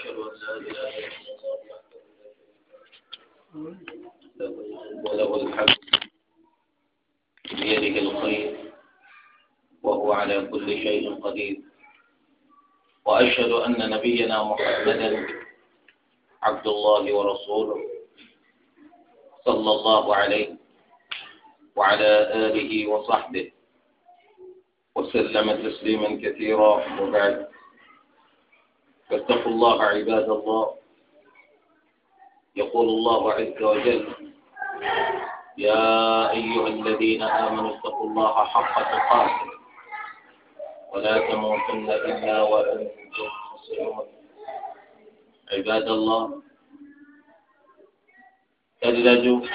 أشهد أن لا إله إلا الله وحده له وله الحمد بيده الخير وهو على كل شيء قدير وأشهد أن نبينا محمدا عبد الله ورسوله صلى الله عليه وعلى آله وصحبه وسلم تسليما كثيرا وبعد فاتقوا الله عباد الله يقول الله عز وجل يا أيها الذين آمنوا اتقوا الله حق تقاته ولا تموتن إلا وأنتم مسلمون عباد الله تلد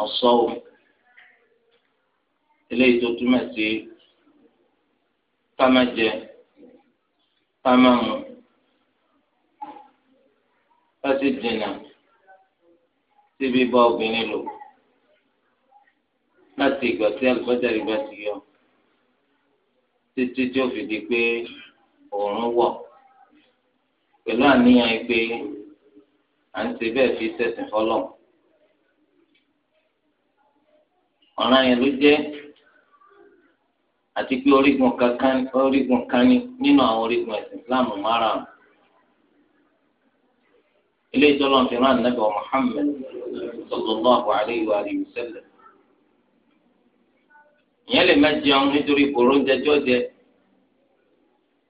الصوم إليه تمسي فمجه ká máa mú ká sì dènà síbi bá obìnrin lò láti ìgbà tí àlùbọ́sà rí bá ti yọ títí tí ó fi di pé òórùn wọ̀ pẹ̀lú àníyàn yìí pé à ń ṣe bẹ́ẹ̀ fi sẹ́sìn fọ́lọ̀ ọ̀ràn yẹn ló jẹ́ àti pé orígun kankan orígun kan ní nínú àwọn orígun ẹ̀sìn Islam márùn-ún ilé ìjọlọ́n fi rán ànábì wa Muhammad sallallahu alayhi wa alihi wa sallam ìyẹn lè má jẹun nítorí ìbòrò ń jẹjọ́ jẹ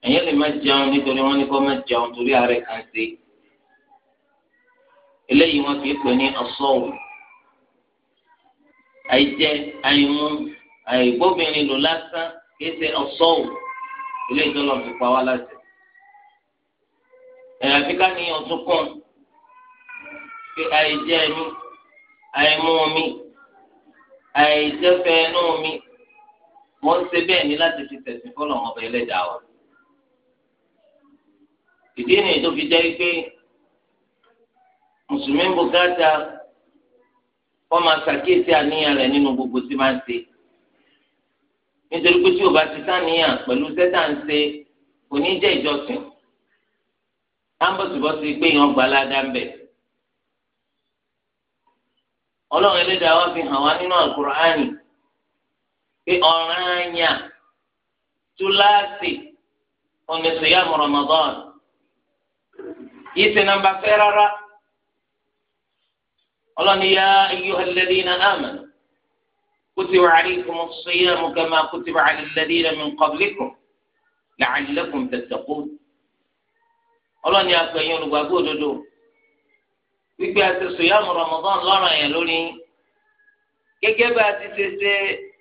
ìyẹn lè má jẹun nítorí wọn ní kó má jẹun torí ààrẹ kan ṣe eléyìí wọn kì pè ní asọ́wò àìjẹ àìmú àìgbóbìnrin lò lásán kìí ṣe ọ̀sọ́wò ilé ìtọ́lọ̀ fi pa wá láti. ẹ̀rọ àfikà ní ọ̀tún kàn pé àìjẹ ẹni àìmú omi àìjẹfẹ ẹnu omi mo ń ṣe bẹ́ẹ̀ ni láti fi tẹ̀sìn fọ́lọ̀ ọ̀bẹ ẹlẹ́dàá wa. ìdí nìyí tó fi jẹ́ pé mùsùlùmí bùkátà wọ́n máa ṣàkíyèsí àníyàn rẹ̀ nínú gbogbo tí máa ń ṣe nítorí pé tí o bá ti sáníyàn pẹ̀lú sẹ́tà ń ṣe kò ní jẹ́ ìjọsìn táǹbọ̀sibọ́sì pé èèyàn gba aládàá ń bẹ̀. ọlọ́run ẹlẹ́dàá wá fi hàn wá nínú àkùrọ̀ánì pé ọ̀ràn àyà túláàsì oníṣòyàmù Ramadan yìí ti nàmbà fẹ́ rárá ọlọ́run yá ayyuhal ladina amanu. كتب عليكم الصيام كما كتب على الذين من قبلكم لعلكم تتقون ọlọ́ni akọ̀yìn olùgbàgbọ́ òdodo gbígbé àti sùyàmù Ramadan lọ́ràn yẹn lórí gẹ́gẹ́ bá a ti ṣe ṣe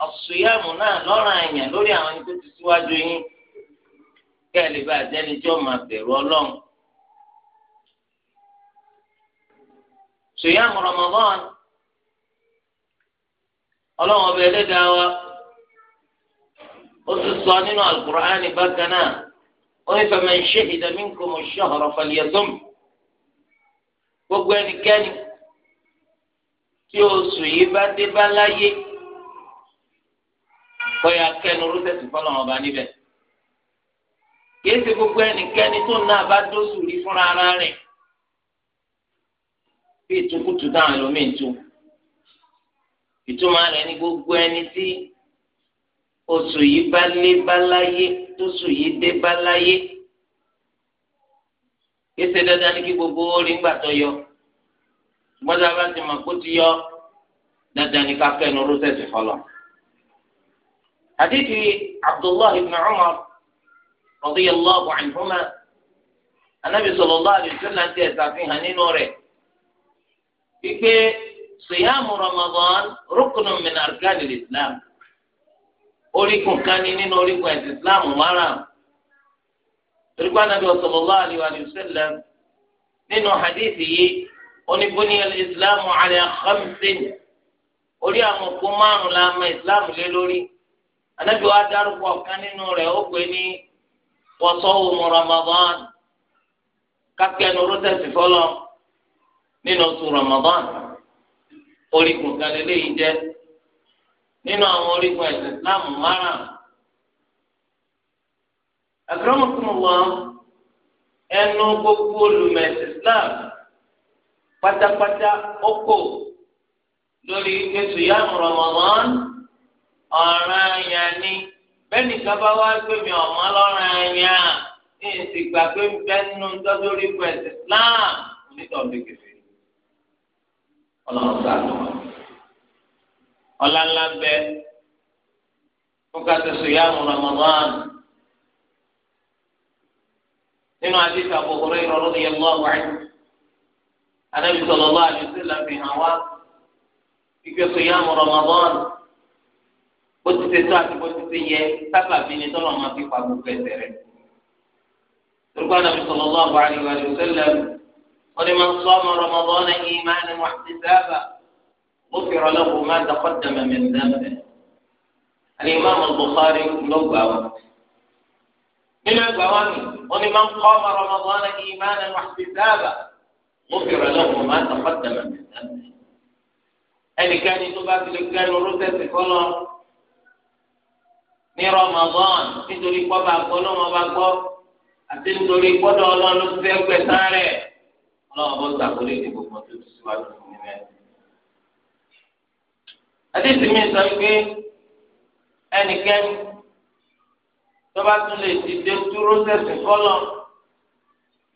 ọ̀sùyàmù náà lọ́ràn yẹn lórí àwọn ẹni tó ti síwájú yín kẹ́ ẹ lè bá àjẹni tí ó máa bẹ̀rù ọlọ́run sùyàmù Ramadan. ọlọ́run awa, ẹlẹ́dàá wa ó tún sọ nínú alukur'ani bákan náà ó ní faman shahida minkum ṣe shahra falyasum gbogbo ẹnikẹ́ni tí oṣù yìí bá dé bá láyé kọ́ya kẹ́nu rúbẹ̀tì níbẹ̀ kìí ṣe gbogbo ẹnikẹ́ni tó náà bá dóṣù rí fúnra bí ìtukùtù náà lómi ìtumọ̀ rẹ̀ ní gbogbo ẹni tí oṣù yìí bá lé bá láyé tóṣù yìí dé bá láyé kése dandan ní kí gbogbo orí ń gbà tó yọ gbọ́dọ̀ bá ti mọ̀ kó ti yọ dandan ní ká kẹ́nu rọ́sẹ̀sì fọlọ́. hadithi abdullah ibn umar radiyallahu anhuma anabi sallallahu alaihi wasallam ti fi hàn nínú rẹ̀ siyamu ramadan rukunu min arkani islam orígun kan ní nínú orígun ẹ̀sìn islam márùn torípa nàbí sallallahu alaihi wa sallam nínú hadith yìí oníbóni islam ala khamsin orí àwọn òkú márùn la mọ islam lé lórí anabi wa dárúkọ ọ̀kan nínú rẹ̀ ó pè ní wa sawmu ramadan kápẹ́ ẹnu rọ́tẹ̀sì fọlọ́ nínú oṣù ramadan. orígun kan ije jẹ́ nínú àwọn orígun ẹ̀sìn Islam márùn. akramakumullah ẹnu gbogbo Islam pátápátá ọkọ̀ lórí ètò ìyá Ramadan ọ̀ràn yẹn ni bẹ́ẹ̀ni kábà wá gbé mi ọ̀mọ́ lọ́ràn yẹn ní ìsìgbà pé bẹ́ẹ̀ nínú tọ́jú orígun ẹ̀sìn Islam ọlọ́run sàánú ọlá ńlá bẹ fún kásìsì yá mu Ramadan nínú àdìsí Abu Hurairah radiyallahu anhu Ànábì sallallahu alaihi wasallam fi hàn wá ìgbésò yá mu Ramadan bó ti ṣe tó àti bó ti ṣe yẹ sábà bí ni tọ́lọ̀ máa fi pa gbogbo ẹsẹ̀ rẹ̀. Turkana bi sallallahu alaihi wasallam. ولمن صام رمضان إيمانا واحتسابا غفر له ما تقدم من ذنبه الإمام البخاري لو قام من القوانين ولمن قام رمضان إيمانا واحتسابا غفر له ما تقدم من ذنبه أن كان يتوب في الكان ورثة كلهم ní rọmọgán nítorí kọ́ bá gbọ́ lọ́mọ bá gbọ́ àti nítorí kọ́dọ̀ ọlọ́run fẹ́ gbẹ̀sán rẹ̀ ọlọ́run bó sàkólé ní gbogbo tó ti síwájú fún mi náà. àdéhùn mi sọ pé ẹnikẹ́ni tó bá tún lè dìde dúró sẹ́sìn fọ́lọ́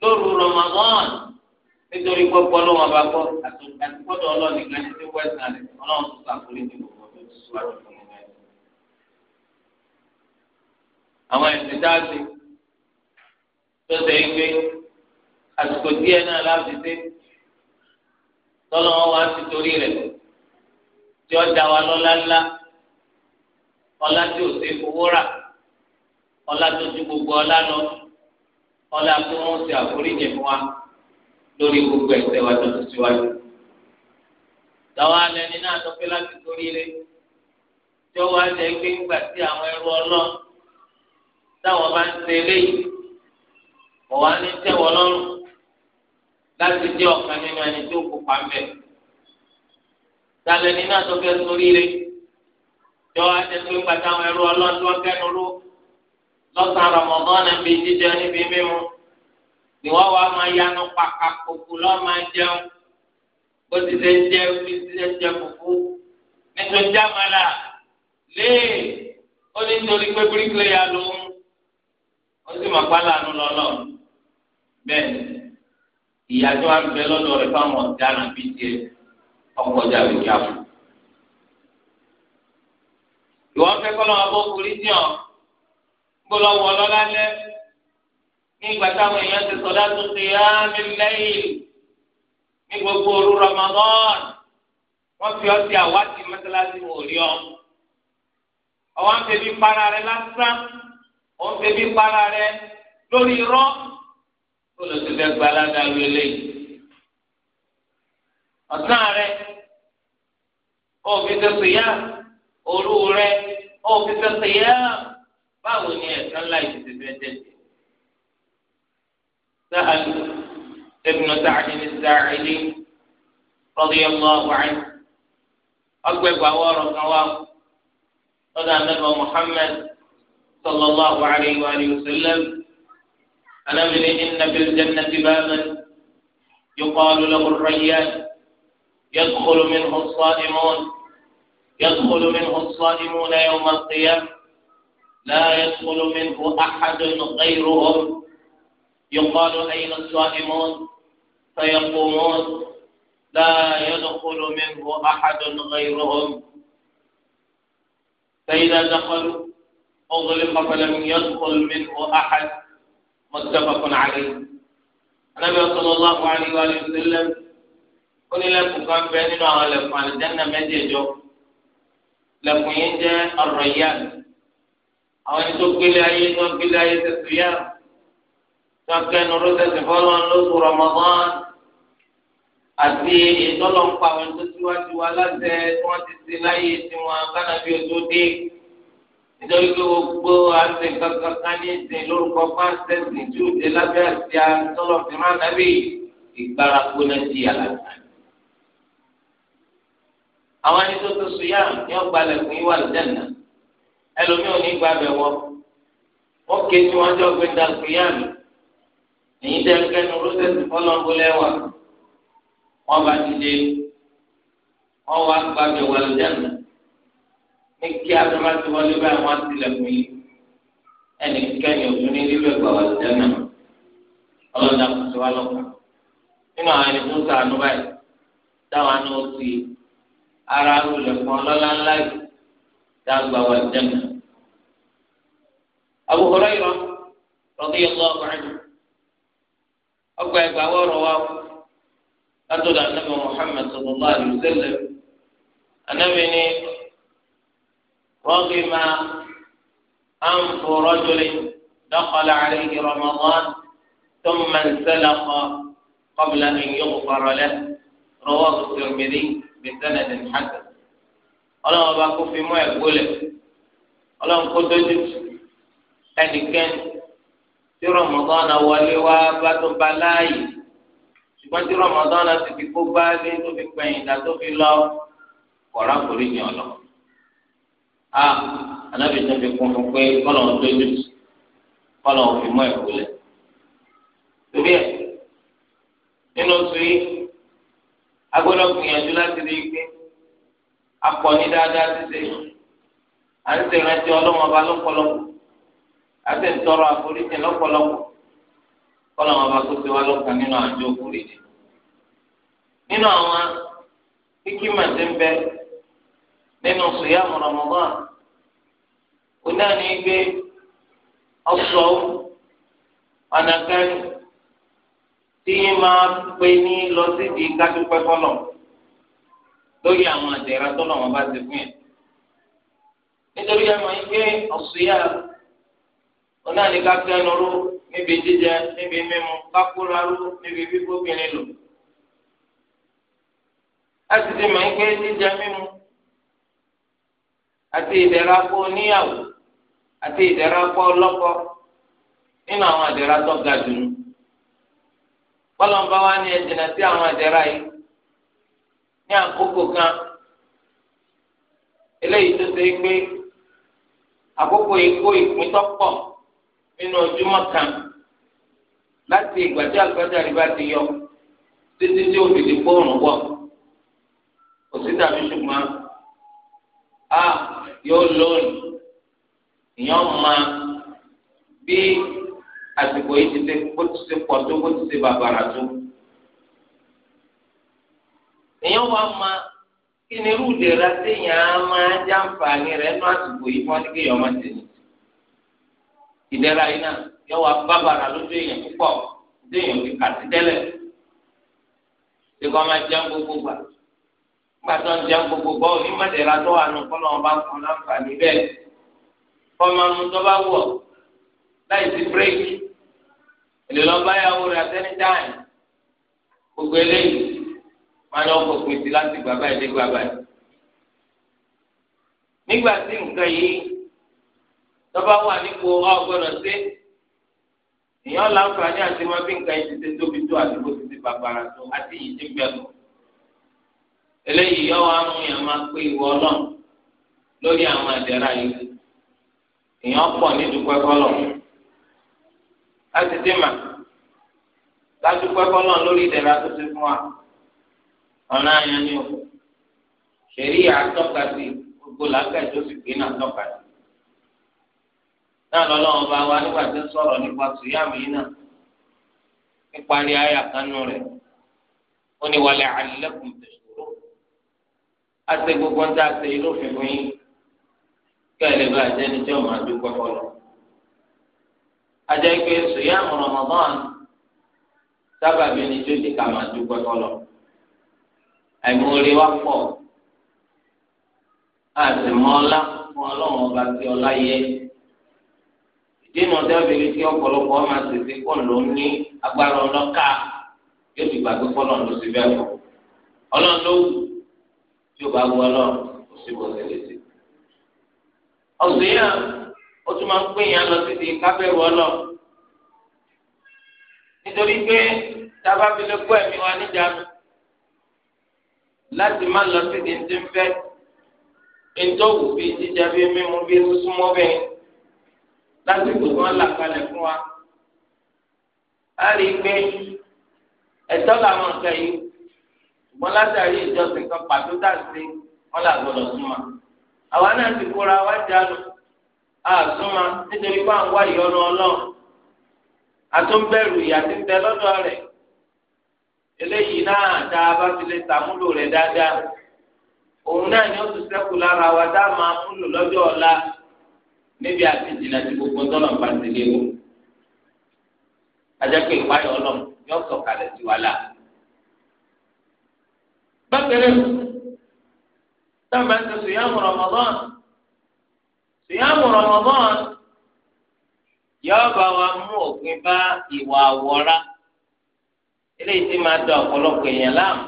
lóru Ramadan nítorí gbogbo ọlọ́run ọba gbọ́ àti gbọ́dọ̀ ọlọ́run nìkan ní ti wẹ́sàn rẹ̀ ọlọ́run tó sàkólé ní gbogbo tó ti síwájú fún mi náà. àwọn ẹ̀sìn dáàbò tó ṣe é gbé àsìkò díẹ̀ náà láti dé tọ́lọ́ wa ti torí rẹ̀ tí ó da wa lọ́lá ńlá ọlá tí ò sí owó rà ọlá tó ju gbogbo ọlá lọ ọlá tó wọn ti àforíjì fún wa lórí gbogbo ẹ̀ṣẹ̀ wa tó ti síwájú. Tàwa lẹni náà tó láti torí rẹ̀ tí ó wá jẹ́ ńgbà tí àwọn ẹrú ọlọ́run táwọn bá ń ṣe eléyìí ọ̀wá ní tẹ́wọ̀ lọ́rùn láti jẹ́ ọ̀kan nínú ẹni tó kópa ń bẹ̀. Sàlẹ̀ni náà tó fẹ́ sórí rẹ̀. Jọ àtẹ̀tún ìgbà táwọn ẹrú ọlọ́dún kẹ́nu ró. Lọ́sàn-án Ramadan náà bí jíjẹ níbi mímu. Ìwọ́ wa máa yanu pàkà kòkò lọ́ máa jẹun. Bó ti ṣe ń jẹ bí ti ṣe ń jẹ kòkó. Nítorí jámàlà léè ó ní nítorí pé bíríkìlì yà lóhùn. Ó sì mọ̀ pálánù lọ́lọ́ bẹ́ẹ̀ ni ìyájọ́ à ń bẹ lọ́dọ̀ rẹ̀ fáwọn ọ̀daràn bíi tiẹ̀ ọkọjà rẹ̀ kí a fò. ìwọ́n fẹ́ kọ́ lọ́wọ́ bó forí jìn ọ́ gbọ́dọ̀ wọ̀ lọ́lá lẹ́ ní ìgbà táwọn èèyàn ti sọ̀dá tó ti yá mi lẹ́yìn ní gbogbo òru Ramadan wọ́n fi ọtí àwátì mẹ́tẹ́láṣí wò rí ọ. ọ̀wọ́n ń bẹ̀bí para rẹ lásán ó ń bẹ̀bí para rẹ lórí irọ́. olùsìfẹ́ gba aládàlú eléyìí ọ̀sán rẹ òfin tẹ̀sí yá òru rẹ òfin tẹ̀sí yá báwo ni ẹ̀sán láì ti fẹ́ jẹ́ أنا إن في الجنة بابا يقال له الريان يدخل منه الصائمون يدخل منه الصائمون يوم القيامة لا يدخل منه أحد غيرهم يقال أين الصائمون فيقومون لا يدخل منه أحد غيرهم فإذا دخلوا أغلق فلم يدخل منه أحد متفق عليه النبي صلى الله عليه وآله وسلم قل لكم كان بيننا لكم على الجنة مديجو لكم ينجى الريان أو أن تقبل أي تقبل أي تسويان تقبل نرد تفضل نص رمضان àti ìtọ́lọ́npa àwọn tó síwájú wa láti ẹ̀ tí wọ́n ti ṣe láyé tiwọn kánábí dé nítorí pé gbogbo àti kankan kan ní ìsìn lórúkọ pàṣẹsì tí ó dé lábẹ́ àti àtọ́lọ́ fi máa nábì ìgbára gbóná sí àlàkà. àwọn ẹni tó tó sùn yá ni wọ́n gbalẹ̀ fún yíwá lẹ́nà ẹlòmíràn ní gbàgbẹ́ wọn wọ́n ké tí wọ́n jọ gbé dàgbé yá mi èyí tẹ́ ń kẹ́nu rọ́sẹ̀sì fọlọ́ngbó lẹ́wà wọ́n bá ti dé wọ́n wá gbàgbẹ́ wọn lẹ́nà ní kí atọ́má ti wọlé báyìí wọ́n ti lẹ̀kùn yìí ẹnìkẹ́ni òtún ní lílo ẹ̀gbà wà lẹ́sẹ̀ náà ọlọ́dà kò sí wa lọ́kàn nínú àwọn ẹni tó ń sàánú báyìí táwọn àna ó ti ara olùlẹ̀kùn ọlọ́lá ńlá yìí dàgbà wà lẹ́sẹ̀ náà. Abu Hurairah radiyallahu anhu ọgbà ẹgbà wọ́ọ̀rọ̀ wa látọ̀dọ̀ anábì Muhammad sallallahu alaihi anábì ni. رغم أنف رجل دخل عليه رمضان ثم انسلق قبل أن يغفر له رواه الترمذي بسند حسن ọlọ́run ọba kó fi mọ́ ẹ̀gbọ́ lẹ̀ ọlọ́run kó dójú ẹnìkan tí rọmọdán náà wọlé wá bá tó ba láàyè ṣùgbọ́n tí rọmọdán náà ti fi kó bá lé tó fi pẹ̀yìn dá tó fi lọ kọ̀ọ̀rọ̀ àforíjì ọlọ́run. a anabi tó fi kún fún pé kọ́lọ̀ ń tójú kọ́lọ̀ ń fi mọ́ ìkúlẹ̀. torí ẹ nínú oṣù yìí agbọ́dọ̀ gbìyànjú láti rí i pé akọ ní dáadáa à ń àforíjì tó ti wá nínú àjọ òforíjì. nínú àwọn kíkí màtí ń bẹ nínú onáà ní gbé ọsọ ọ̀nà kan tí yín máa pe ní lọ síbi kádúpẹ́ fọlọ̀ lórí àwọn àdẹ̀rà tọ́lọ̀ wọn bá ti fún yẹn. nítorí ẹ̀ máa ń gbé ọ̀ṣùyà onáà ní ró níbi jíjẹ níbi mímu ká ró níbi lò. ti máa ń gbé àti ìdẹ̀ra pọ̀ lọ́pọ̀ nínú àwọn àdẹ̀ra tó ga jù nù. wa ní ẹ̀jìnà sí àwọn àdẹ̀ra yìí ní àkókò kan. Eléyìí tó ṣe pé àkókò ikú ìpín tó nínú ojúmọ́ kan láti ìgbà tí rí bá ti yọ títí tí wọ̀. ṣùgbọ́n a èèyàn máa bí àsìkò yìí ti ṣe bó ti ṣe pọ̀ tó bó ti ṣe bàbàrà tó. èèyàn wá máa kí ni irú ìdèrà téèyàn á máa jàǹfààní rẹ̀ nú àsìkò yìí fún ọ́nìkè yọ̀ọ́ máa tẹ̀lé. ìdèrà yìí náà yọ wá bàbàrà lójú èèyàn púpọ̀ lójú èèyàn fi kà sí tẹ́lẹ̀. ṣé kọ́ máa jẹun gbogbo gbà? gbàtọ́ jẹun gbogbo gbọ́ òní mọ̀tẹ́ra tó wà nù kọ́ kọ́má mu tọ́ba wọ̀ láì sí bírèkì èlò lọ́ba yàwó rẹ̀ àtẹ́ni dáhìn gbogbo eléyìí máa lọ kó pèsè láti gbà báyìí dé gbà báyìí. nígbà tí nǹkan yìí tọ́ba wà nípò ọgbọ́dọ̀ sí èèyàn láǹfààní àti máa bí nǹkan yìí ti ṣe tóbi tó àdúgbò ti ṣe bàbàrà tó àti yìí ti bẹ̀rù. eléyìí yọ wá mú yàn máa pé ìwọ náà lórí àwọn àdẹ́rà yìí èèyàn pọ̀ ní dúpẹ́ kọ́lọ̀ láti dé mà ládùúpẹ́ kọ́lọ̀ lórí ìdẹ̀ra tó ti fún wa ọ̀nà àyàn ni o ṣèrí àtọ́ka sí gbogbo làákàyè tó sì gbé náà tọ́ka sí náà lọ́lọ́run bá wa nígbà tí ń sọ̀rọ̀ nípa tùyàmù yìí náà nípa rí àyà kanú rẹ̀ ó ní wàlẹ̀ àlẹ́kùn tẹ̀sùrù á ṣe gbogbo ń dá ṣe irúfin fún yín. kẹ́lẹ́ bá jẹ́ ní tí ó máa dúpẹ́ fọlọ́. ajẹ́ pé sòyà Ramadan ní tí ó di ká máa dúpẹ́ fọlọ́. àìmọ̀ọ́rẹ́ pọ̀ àtìmọ́lá fún ọlọ́run ọba tí ọlá yẹ. tí ọ̀pọ̀lọpọ̀ pọ̀ ló ní agbára ọlọ́ka yóò ti gbàgbé fọlọ́ bẹ́ẹ̀ ọlọ́run ló wù tí ó bá ọ̀sùn yẹn ó tún máa ń pín yẹn lọ sí ti kábẹ́rù ọlọ nítorí pé tábà fi lè kó ẹ̀mí wa níjànú láti má lọ sí ti ti ń fẹ́ ntọ́wù bíi jíjà bíi mímu bíi súnmọ́ bẹ́ẹ̀ láti gbogbo wọn là kalẹ̀ fún wa a rí i ẹ̀tọ́ làwọn nǹkan yìí ṣùgbọ́n látàrí ìjọsìn kan pàtó dà sí wọn là súnmọ́. àwa náà ti kóra wá jáde àtúmọ̀ nítorí pé à ń wá ìyọnu ọlọ́run àtúnbẹ̀rù ìyá ti ń lọ́dọ̀ rẹ̀ eléyìí náà tá a bá fi lè sàmúlò rẹ̀ dáadáa òun náà ni ó tún ṣẹ́kù lára wa dá máa múlò lọ́jọ́ ọ̀la níbi àti tí gbogbo tọ́lọ̀ bá ti lé o ajẹ́pẹ́ ìpáyọ̀ ọlọ́run yóò sọ̀kalẹ̀ sí wa la. bákẹ́rẹ́ tábà ń sọ sùyàmù Ramadan sùyàmù Ramadan yóò bá wa mú òpin bá ìwà àwọ̀ra eléyìí tí máa da ọ̀pọ̀lọpọ̀ èèyàn láàmú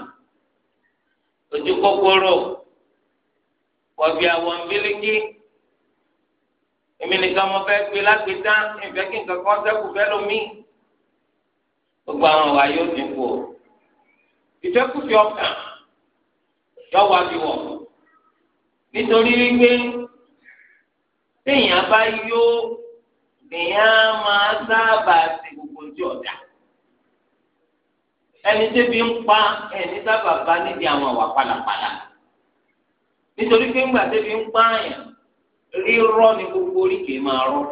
ojú kòkòrò kọ̀bí àwọn bílíkì èmi nìkan mo fẹ́ gbé lágbèéta ìfẹ́ kí nǹkan kan sẹ́kù fẹ́ lómi gbogbo àwọn wa yóò dín kù o ìfẹ́kùfẹ́ ọkàn yọ wá bí wọ̀ nítorí wípé téèyàn bá yó lèèyàn máa sábà ṣe gbogbo ojú ọ̀dà ẹni tẹ́bi ń pa ẹni sábà bá nídìí àwọn àwà pálapàla nítorí pé ńgbà tẹ́bi ń pa àyàn rírọ́ ni gbogbo oríkèé máa rọ́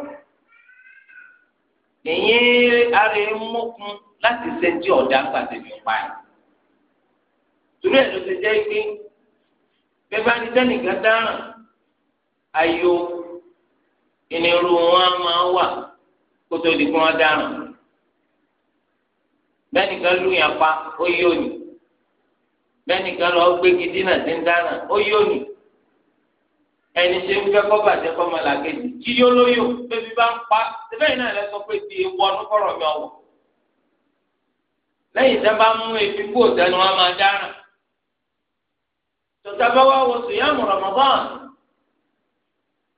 lèyìn ara ẹ̀ mọ́kun láti ṣe ti ọ̀dà ńgbà tẹ́bi ń pa àyàn. Ìrú ẹ̀ ló ti jẹ́ pé bẹ́ẹ̀ ni sẹ́nìkan dáràn ayò ìnirú wọn máa wà kótó di kí wọ́n dáràn bẹ́ẹ̀ nìkan lù yàn pa ó yí òní bẹ́ẹ̀ nìkan lọ gbégi dínà sí ń dáràn ó yí òní ẹni ṣe ń fẹ́ kọ́ bàjẹ́ kọ́ máa làkejì kí yóò lóyò bébí bá ń pa síbẹ̀ náà lẹ pé ti wọnú kọ̀rọ̀ mi ọ̀wọ̀ lẹ́yìn tẹ́ mú efi kú òtẹ́nu wọn máa dáràn tọ́tàbáwá wo sùyàmù Ramadan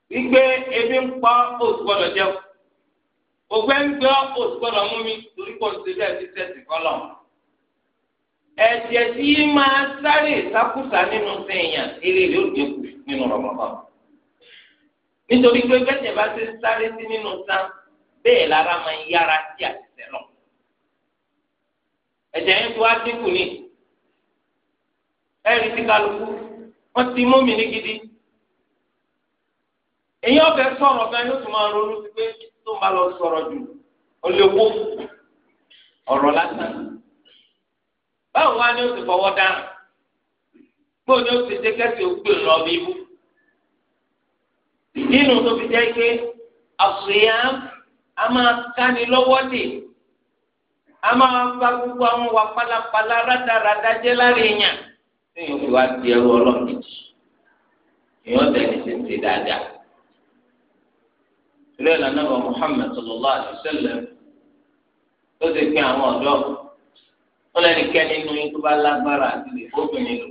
gbígbé ebi ń pa oṣù gbọdọ̀ jẹun ògbẹ́ ń gbọ́ oṣù gbọdọ̀ mú mi torí kò ṣe bẹ́ẹ̀ ti tẹ̀sí kọ́lọ̀ ẹ̀jẹ̀ tí máa sáré ìsákùsà nínú sẹ́yìn eré rẹ̀ ó dínkù nínú Ramadan nítorí pé bẹ́ẹ̀ bá ti ń sáré sí nínú sàn bẹ́ẹ̀ lára máa ń yára sí àtìsẹ́ náà ẹ̀jẹ̀ yẹn tó wá dínkù nìyí ẹ̀rí ti kálukú wọ́n ti mú mi ní gidi. èyí ọ̀fẹ́ sọ̀rọ̀ gan yóò tún máa ronú sí pé tó ń bá lọ sọ̀rọ̀ jù ó lè wó ọ̀rọ̀ lásán. báwo wá ni ó ti fọwọ́ dáhùn gbọ́dọ̀ ni ó ti dé kẹ́sì ògbé lọ bí ibú. nínú tó fi jẹ́ pé àṣùyà á máa káni lọ́wọ́ dè a máa bá gbogbo àwọn wà pálapàla rádaràda jẹ́ lára èèyàn téèyàn fi wá di ẹrú ọlọ́run méjì èèyàn tẹ̀lé ti ṣe dáadáa. ìlú ìlànà bá Muhammad sallallahu alaihi wasallam ló ti pín àwọn ọ̀dọ́ wọn lẹ́nikẹ́ni nínú yín tó bá lágbára àti lè fóbìnrin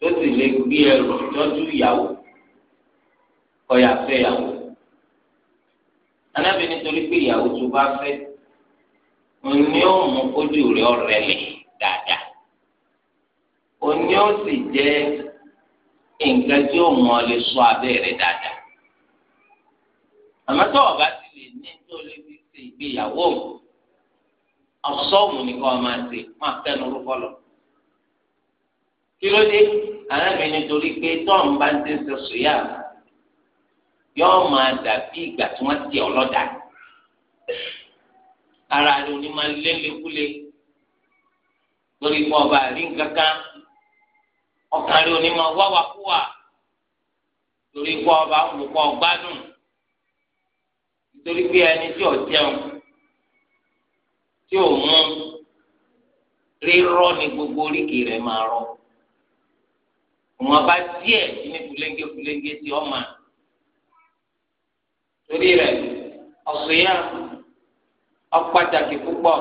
lò tó sì lè gbé ẹrù tọ́jú ìyàwó kọyà fẹ́ ìyàwó. anábì nítorí pé ìyàwó tó bá fẹ́ òun ni ó mú ojú rẹ̀ ọ̀rẹ́ dáadáa ni ó sì jẹ́ nǹkan tí ó mọ̀ lè sọ abẹ́ rẹ̀ dáadáa. àmọ́ tó o bá ti lè ní tó lè fi ṣe ìgbéyàwó ọ̀sọ́ọ̀mù ni kò máa ṣe máa tẹnu orúkọ lọ. kí ló dé àrẹ́mi nítorí pé tọ́ọ̀n bá ń tẹ́ ṣe sòyà yóò máa dàbí ìgbà tí wọ́n ti ọlọ́dà. ara rẹ̀ ò ní máa lé lékúlé lórí pé ọba àrí nǹkan kan ọkàn rẹ ò ní máa wá wa kú wa torí kọ́ ọba olùkọ́ gbádùn nítorí pé ẹni tí ò jẹun tí ò mú rírọ́ ni gbogbo oríkì rẹ̀ máa rọ òun ọba díẹ̀ ní fúlẹ́ńgé fúlẹ́ńgé tí ọ máa torí rẹ̀ ọ̀sùn yá ọ̀pàtàkì púpọ̀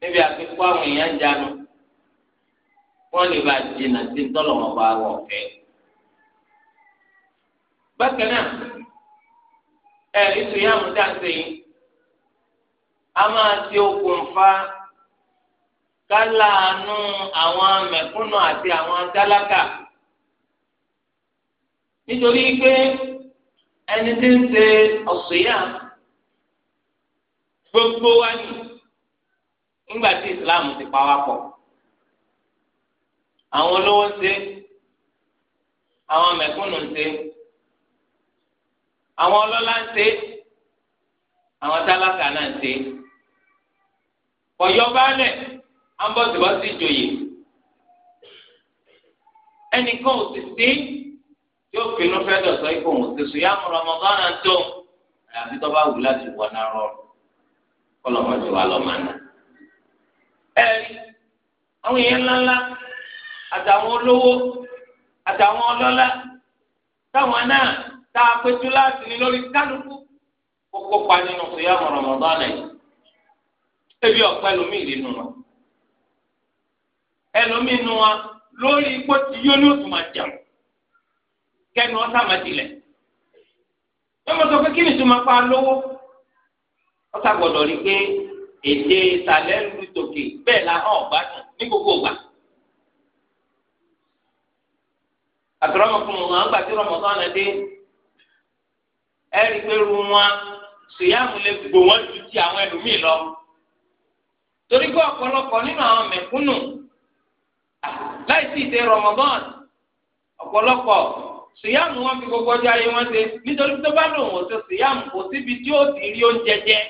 níbi àfikún àwọn èèyàn jánu wọ́n lè bá dènà sí tọ́lọ̀mọ́ bá wọ̀ fẹ́. bákan náà ẹ ìsúyàmù dáńsẹ yìí a máa ti okùnfà káláàánú àwọn mẹ̀kúnnù àti àwọn tálákà nítorí pé ẹni tí ń ṣe ọ̀sùnyà gbogbo wa ni ńgbà tí Islam ti pa wá pọ̀ àwọn olówó ń ṣe àwọn mẹ̀kúnnù ń ṣe àwọn ọlọ́lá ń ṣe àwọn tálákà náà ń ṣe ọ̀yọ́ baálẹ̀ ambọ̀sibọ́sì ìjòyè ẹnìkan ò sì sí yóò pinnu fẹ́ dọ̀tọ́ ikú òun ti sùn yá mú Ramadan náà tó àyàfi tó bá wù láti wọ náà rọ kọlọmọdé wa lọ máa nà. ẹ àwọn èèyàn ńláńlá àtàwọn olówó àtàwọn ọlọ́lá táwọn náà tá a pé túláàsì ní lórí kálukú kó kópa nínú síyàmù Ramadan yìí ebi ọ̀pẹ lomi ìlénu wọn ẹlòmíì nu wọn lórí ipò tí yóò ní òtún máa kẹnu ọ̀sán máa ẹ mọ̀ sọ pé kí ni tó máa pa lówó ọ̀sán gbọ́dọ̀ rí pé èdè ìsàlẹ̀ ń lu tòkè bẹ́ẹ̀ la hàn ọ̀gbádùn ní gbogbo ìgbà. àtúrọ̀mọ̀kùnmọ̀ wọn gbà tí rọmọdọ́nà dé ẹ̀rí pé ru wọn sèyáàmù lè gbò wọn ju ti àwọn ẹlòmíì lọ torí pé ọ̀pọ̀lọpọ̀ nínú àwọn mẹ̀kúnnù láì sí ìdè rọmọdọ́nà ọ̀pọ̀lọpọ̀ sèyáàmù wọn fi gbogbo ọjọ́ ayé wọn ṣe nítorí tó bá lòun ò ṣe sèyáàmù kò síbi tí ó ti rí oúnjẹ jẹ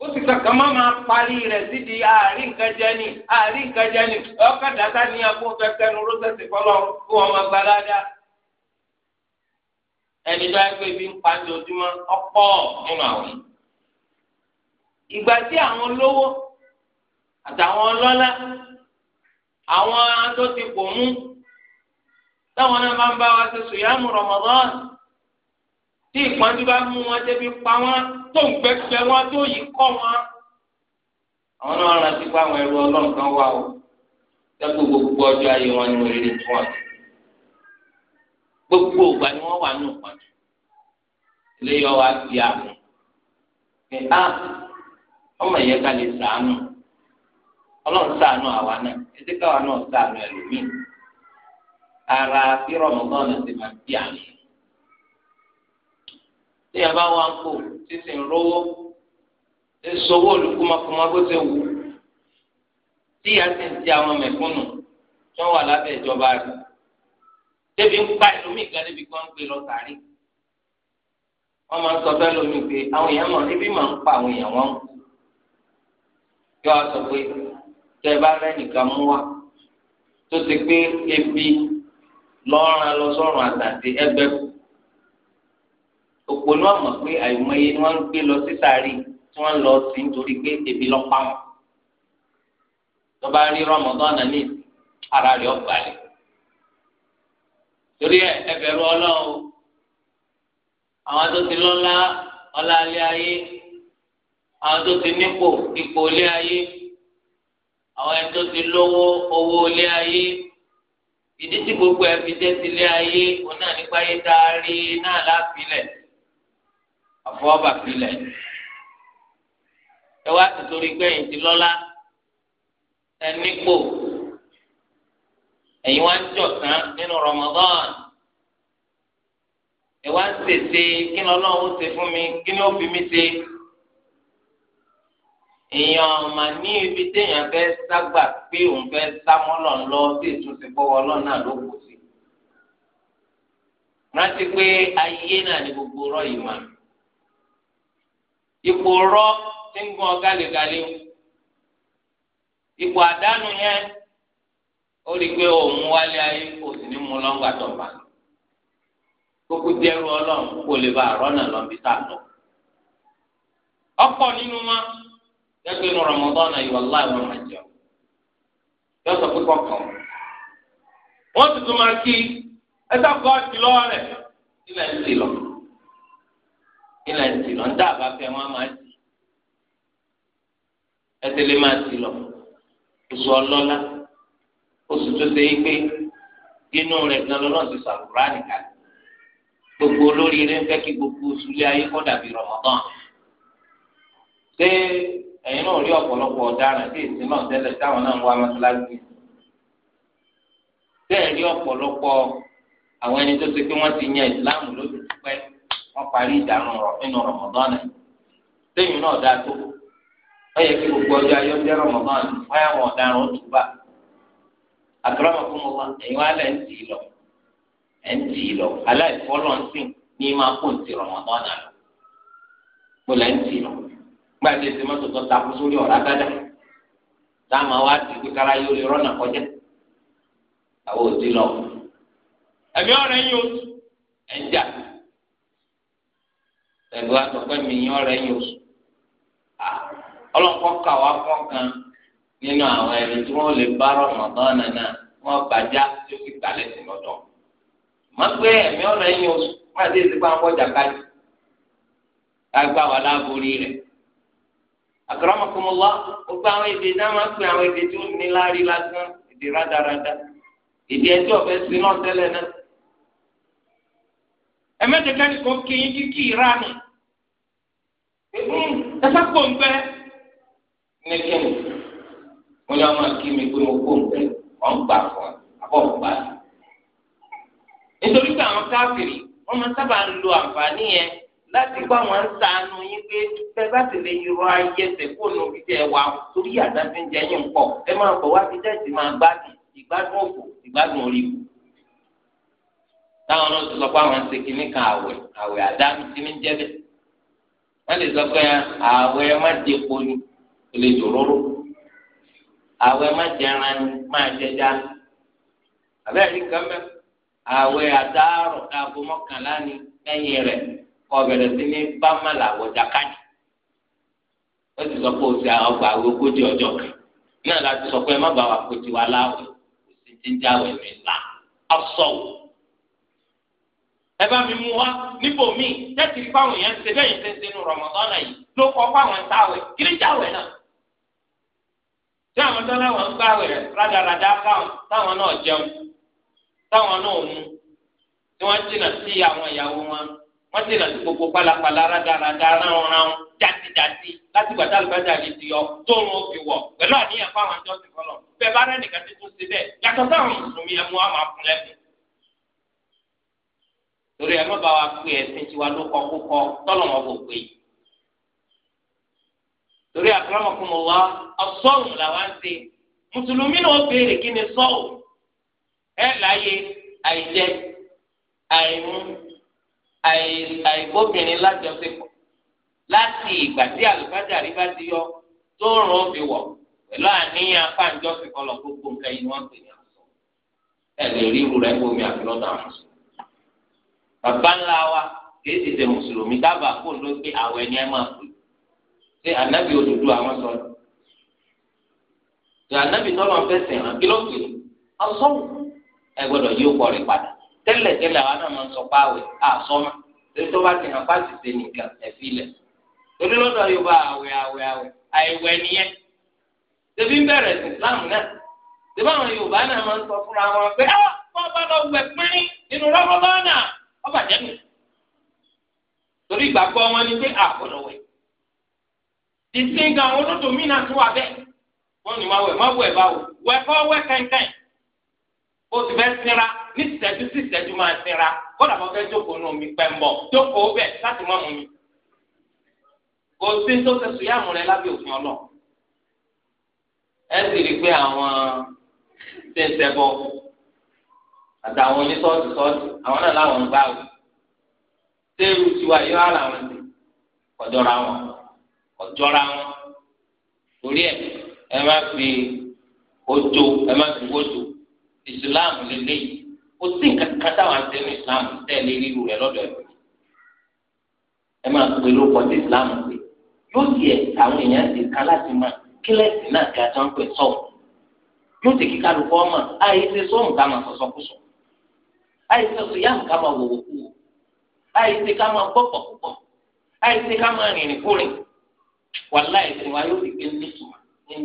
ó sì kankan má máa parí rẹ̀ sídi àárín nǹkan jẹ ni àárín nǹkan jẹ ni ọ̀kadà tá ní agbóhùn fẹ́fẹ́ nu rọ́sẹ̀sì fọlọ́ kó wọn máa gba dáadáa. ẹni tó yẹ pé ibi ń pa ojoojúmọ́ ọ̀pọ̀ nínú àwọn. ìgbà tí àwọn olówó àtàwọn ọlọ́lá àwọn tó ti kò mú táwọn náà máa ń bá wa ṣe sùyàmù Ramadan tí ìpọ́njú bá mú wọn débi pa wọn tó ń gbẹgbẹ wọn tó yìí kọ́ wọn. àwọn náà rántí pé àwọn ẹrú ọlọ́run kan wà o dẹ́kun gbogbo ọjọ́ ayé wọn ni wọ́n rí tí wọ́n ti. gbogbo ìgbà ni wọ́n wà nù pọ̀jù iléyọ̀ wa fi àmì. ẹ á ah, ọmọ yẹn ká lè sàánù ọlọ́run sàánù àwa náà ẹ jẹ́ káwa náà sàánù ẹlòmíì. ara bí rọ̀mọ́tọ́ ọ̀nà ti máa fi àmì yẹn téèyàn bá wà ń kó sísè ń rówó ń sowó olùkúmakúma bó ṣe wù tíyà sì ń ti àwọn mẹ̀kúnnù tí wọ́n wà lábẹ́ ìjọba rẹ̀ débi ń pa ẹlòmíì gan débi kan ń gbé lọ sàárì wọ́n máa ń sọ bẹ́ẹ̀ lómi pé àwọn èèyàn mọ̀ níbí máa ń pa àwọn èèyàn wọn yọ wá sọ pé tẹ bá rẹ́nìkan mú wa tó ti pé ebi lọ́ọ̀ràn lọ sọ́run àtàtì ẹgbẹ́ kù òpònú àmọ̀ pé àìmọye ni wọ́n ń gbé lọ sí sáré tí wọ́n lọ sí nítorí pé ebi lọ pa wọn tọba rí rọmọdọ́nà ní ara rẹ̀ ọ̀gbàlẹ̀ torí ẹbẹ̀rù ọlọ́run àwọn tó ti lọ́lá ọlá ilé ayé àwọn tó ti nípò ipò ilé ayé àwọn ẹni tó ti lówó owó ilé ayé ìdí tí gbogbo ẹ fi ti ilé ayé òun náà nípa ayé tá a rí náà láfilẹ̀ àfọwọ́bà pilẹ̀ ẹ wá nítorí gbẹ̀yìn ti lọ́lá ẹ nípò ẹ̀yin wá ń jọ̀sán nínú Ramadan ẹ wá ń sèse kí ni ọlọ́run ó ṣe fún mi kí ni ó fi mí ṣe èèyàn ọ̀mà ní ibi téèyàn fẹ́ ságbà pé òun fẹ́ sámọ́lọ̀ ńlọ sí ìtúnṣe fọwọ́ ọlọ́run náà ló kù sí rántí pé ayé náà ni gbogbo ọ̀rọ̀ yìí máa ń. ipò rọ tí ń gun ọ gaghị ipò àdánù yẹn ó rí i pé òun wálé ayé kò sì ní mú lọ́ngbà tọ̀gbà kókó dẹrù ọlọ́run kó lè bá àrọ́nà lọ́nbí tà lọ. ọ̀pọ̀ nínú wọn gẹ́gẹ́ ní náà láì máa jẹun sọ pé wọ́n tuntun máa kí ẹ lọ. kí lẹ́ ń tì lọ ń dá àbá fẹ́ wọn máa tì ẹsẹ̀ lè máa tì lọ oṣù ọlọ́lá oṣù tó ṣe é pé inú rẹ̀ gan lọ́nà ti sàkúrà nìkan gbogbo olórí rẹ̀ ń fẹ́ kí gbogbo oṣù lé ayé kọ́ dàbí Ramadan ṣé ẹ̀yin náà rí ọ̀pọ̀lọpọ̀ ọ̀daràn tí èsì náà tẹ́lẹ̀ táwọn náà ń wá mọ́tíláṣí bẹ́ẹ̀ rí ọ̀pọ̀lọpọ̀ àwọn ẹni tó ṣe pé wọ́n ti yan ìsìláàmù lójú wọn parí ìdáná rọ nínú rọmọdán lẹ́yìn náà dáa tó wọn yẹ kí gbogbo ọjọ́ ayé ọjọ́ rọmọdán wọn yà wọn ọ̀daràn ọtúbà àtúrọmọ fún wọn ẹ̀yin wọn alẹ ń tì í lọ ẹ ń tì í lọ aláìfọlọ ń sìn ní máa kó ti rọmọdán lọ mo lẹ ń tì í lọ gbàdé ti mọ́tò tó takú sórí ọ̀rá dáadáa táwọn àwọn àti kíkárá yóò lè rọ́nà kọjá àwọn òdì lọ ẹ̀mí ọ̀rẹ́ yóò ẹ̀jà ẹgbẹ́ wa sọ pé mi yín ọ̀rẹ́ yín oṣù ọlọ́nkọ́ kà wá fún kan nínú àwọn ẹni tí wọ́n lè bá rọ̀mọ̀dọ́nà náà wọ́n gbàjá tí ó sì gbalẹ̀ sí lọ́dọ̀ mọ pé ẹ̀mí ọ̀rẹ́ yín oṣù má dé sí pé àwọn ọjà kájú kágbá wà láborí rẹ̀ àkàràmọ̀kọ́mọ́lá gbogbo àwọn èdè náà máa ń pè àwọn èdè tí ó ní láárí lásán èdè rádaràda èdè ẹjọ́ ọ̀fẹ́ sí náà náà ẹ̀mẹ́tẹ̀kẹ́ni kò kí yín kíkì ìranù ẹ̀fẹ́ kò ń bẹ́ ní kíni mo ní ọmọ kí mi pé mo kó ń bẹ́ ọ̀ ń gbà fún ọ àbọ̀ ń gbà fún nítorí pé àwọn káfìrì wọ́n máa sábà ń lo àǹfààní yẹn láti gbọ́ àwọn sànù yín pé bẹ́ẹ̀ bá ti lè yọ ayé fóònù fífi ẹ̀ wá torí àdáfíńjẹ yín pọ̀ ẹ máa bọ̀ wá fi jẹ́ ìsìn máa gbádùn ìgbádùn òfò ìgbádùn orí ikú táwọn náà ti sọ pé àwọn ń ṣe kínní kan àwẹ̀ àwẹ̀ àdánù tí ní jẹ́ bẹ́ẹ̀ wọ́n lè sọ pé àwẹ̀ má di epo ni kò lè dòróró àwẹ̀ má jẹ ẹran ni má jẹjá àbẹ́rẹ́ kan mẹ́ àwẹ̀ àdáàrọ̀ aago mọ́kànlá ni lẹ́yìn rẹ̀ kọ́ bẹ̀rẹ̀ sí ní bámàlà àwọ̀jà káàdì ó sì sọ pé o ti ọgbà àwẹ̀ ogójì ọjọ́ kan náà láti sọ pé má bàa wà pé tiwa láwẹ̀ kò sí ẹ bá mi mú wa níbo mi tẹ́tì rí fáwọn èèyàn ṣe bẹ́ẹ̀ yẹn ṣe ń sinú rọmọdọ́nà yìí ló kọ́ fáwọn táwẹ̀ kiri jáwẹ̀ náà. tí àwọn tó náà wọ́n ń gbàwẹ̀ rẹ̀ rádaràdá táwọn náà jẹun táwọn náà mú tí wọ́n jìnnà sí àwọn ìyàwó wọn wọ́n jìnnà sí gbogbo pálapàla rádaràdá ránranrán játijàti láti gbàtà àlùbáṣà lè ti yọ tóun ó fi wọ̀ pẹ̀lú àníyàn fáwọn tó ti fọlọ̀ bẹ́ẹ̀ bá torí ẹ má bá wa pé ẹsìn tiwa ló kọ kókọ tọ́lọ̀ wọn kò pé torí àkàràmọ̀kùnmọ̀ wa ọ̀sọ́ọ̀hún làwa ń ṣe mùsùlùmí náà béèrè kí ni sọ́ọ̀hún ẹ láàyè àìjẹ àìmú àìbóbìnrin lájọṣepọ̀ láti ìgbà tí àlùfáàjàrí bá ti yọ tó rùn ó fi wọ̀ pẹ̀lú àníyàn apáǹjọ́sìn kọlọ̀ gbogbo nǹkan yìí wọ́n pè ní àṣọ ẹ lè rẹ̀ bómi àfi lọ́dọ̀ àwọn bàbá ńlá wa kìí ti ṣe mùsùlùmí dábàá kó ló gbé àwẹ̀ ni ẹ máa pè ṣé ànábì òdúdú àwọn sọ ṣé ànábì tọ́lọ̀ fẹsẹ̀ hàn kí ló pè ọsọ́wọ́ ẹ gbọ́dọ̀ yí ọkọ rẹ̀ padà tẹ́lẹ̀ tẹ́lẹ̀ àwọn náà máa ń sọ pé àwẹ̀ àsọ́mà torí tó bá ti hàn pàṣẹ ṣe nìkan ẹ̀fí ilẹ̀ torí lọ́dọ̀ yorùbá àwẹ̀ àwẹ̀ àwẹ̀ àìwẹ̀ nìyẹn tẹ̀bí ń bẹ̀rẹ̀ islam náà tẹ̀bí àwọn yorùbá náà máa ń ah wọ́n bá lọ wẹ̀ pínrín nínú ọba jẹ́nu torí ìgbàgbọ́ wọn ni pé àgbọ̀dọ̀ wẹ̀ títí ga àwọn olódò mí náà tún wà bẹ́ẹ̀ wọ́n ní máa wẹ̀ má wẹ̀ bá wò wẹ̀ kọ́ wẹ̀ o ti fẹ́ sinra ní ìṣẹ́jú sí ìṣẹ́jú máa sinra kódà mo fẹ́ jókòó nù mí pẹ́ mbọ̀ jókòó bẹ̀ láti má mú mi kò sí tó fẹ́ sùn yàmù rẹ lábẹ́ òfin ọlọ́ ẹ sì rí i pé àwọn ṣe ń ṣẹbọ àtàwọn onísọ́ọ̀tì sọ́ọ̀tì àwọn náà láwọn ń gbá o sẹ́rù tiwa yóò hàn àwọn ti kọjọra wọn kọjọra wọn torí ẹ ẹ má fi ojo ẹ má fi wojo ìsìláàmù lélẹ́yìí kò sí nǹkan kan táwọn àti ẹnu ìsìláàmù tẹ̀lé ríru rẹ lọ́dọ̀ ẹ̀ ẹ máa pe lóko ti ìsìláàmù pé yóò yẹ àwọn èèyàn ti ká láti máa kílẹ̀sì náà kí a tó ń pè sọ́ọ̀ yóò ti kíkà lóko ọmọ àyè ti sọ́ọ̀mù ká máa sọ̀sọ́ kú sọ àìsí ọ̀sùn yá nǹkan máa wòwò kú àìsí ká máa gbọ́pọ̀ púpọ̀ àìsí ká máa rìnrìn kúrìn wàhálà ẹ̀sìn wa yóò rí pé nítumọ̀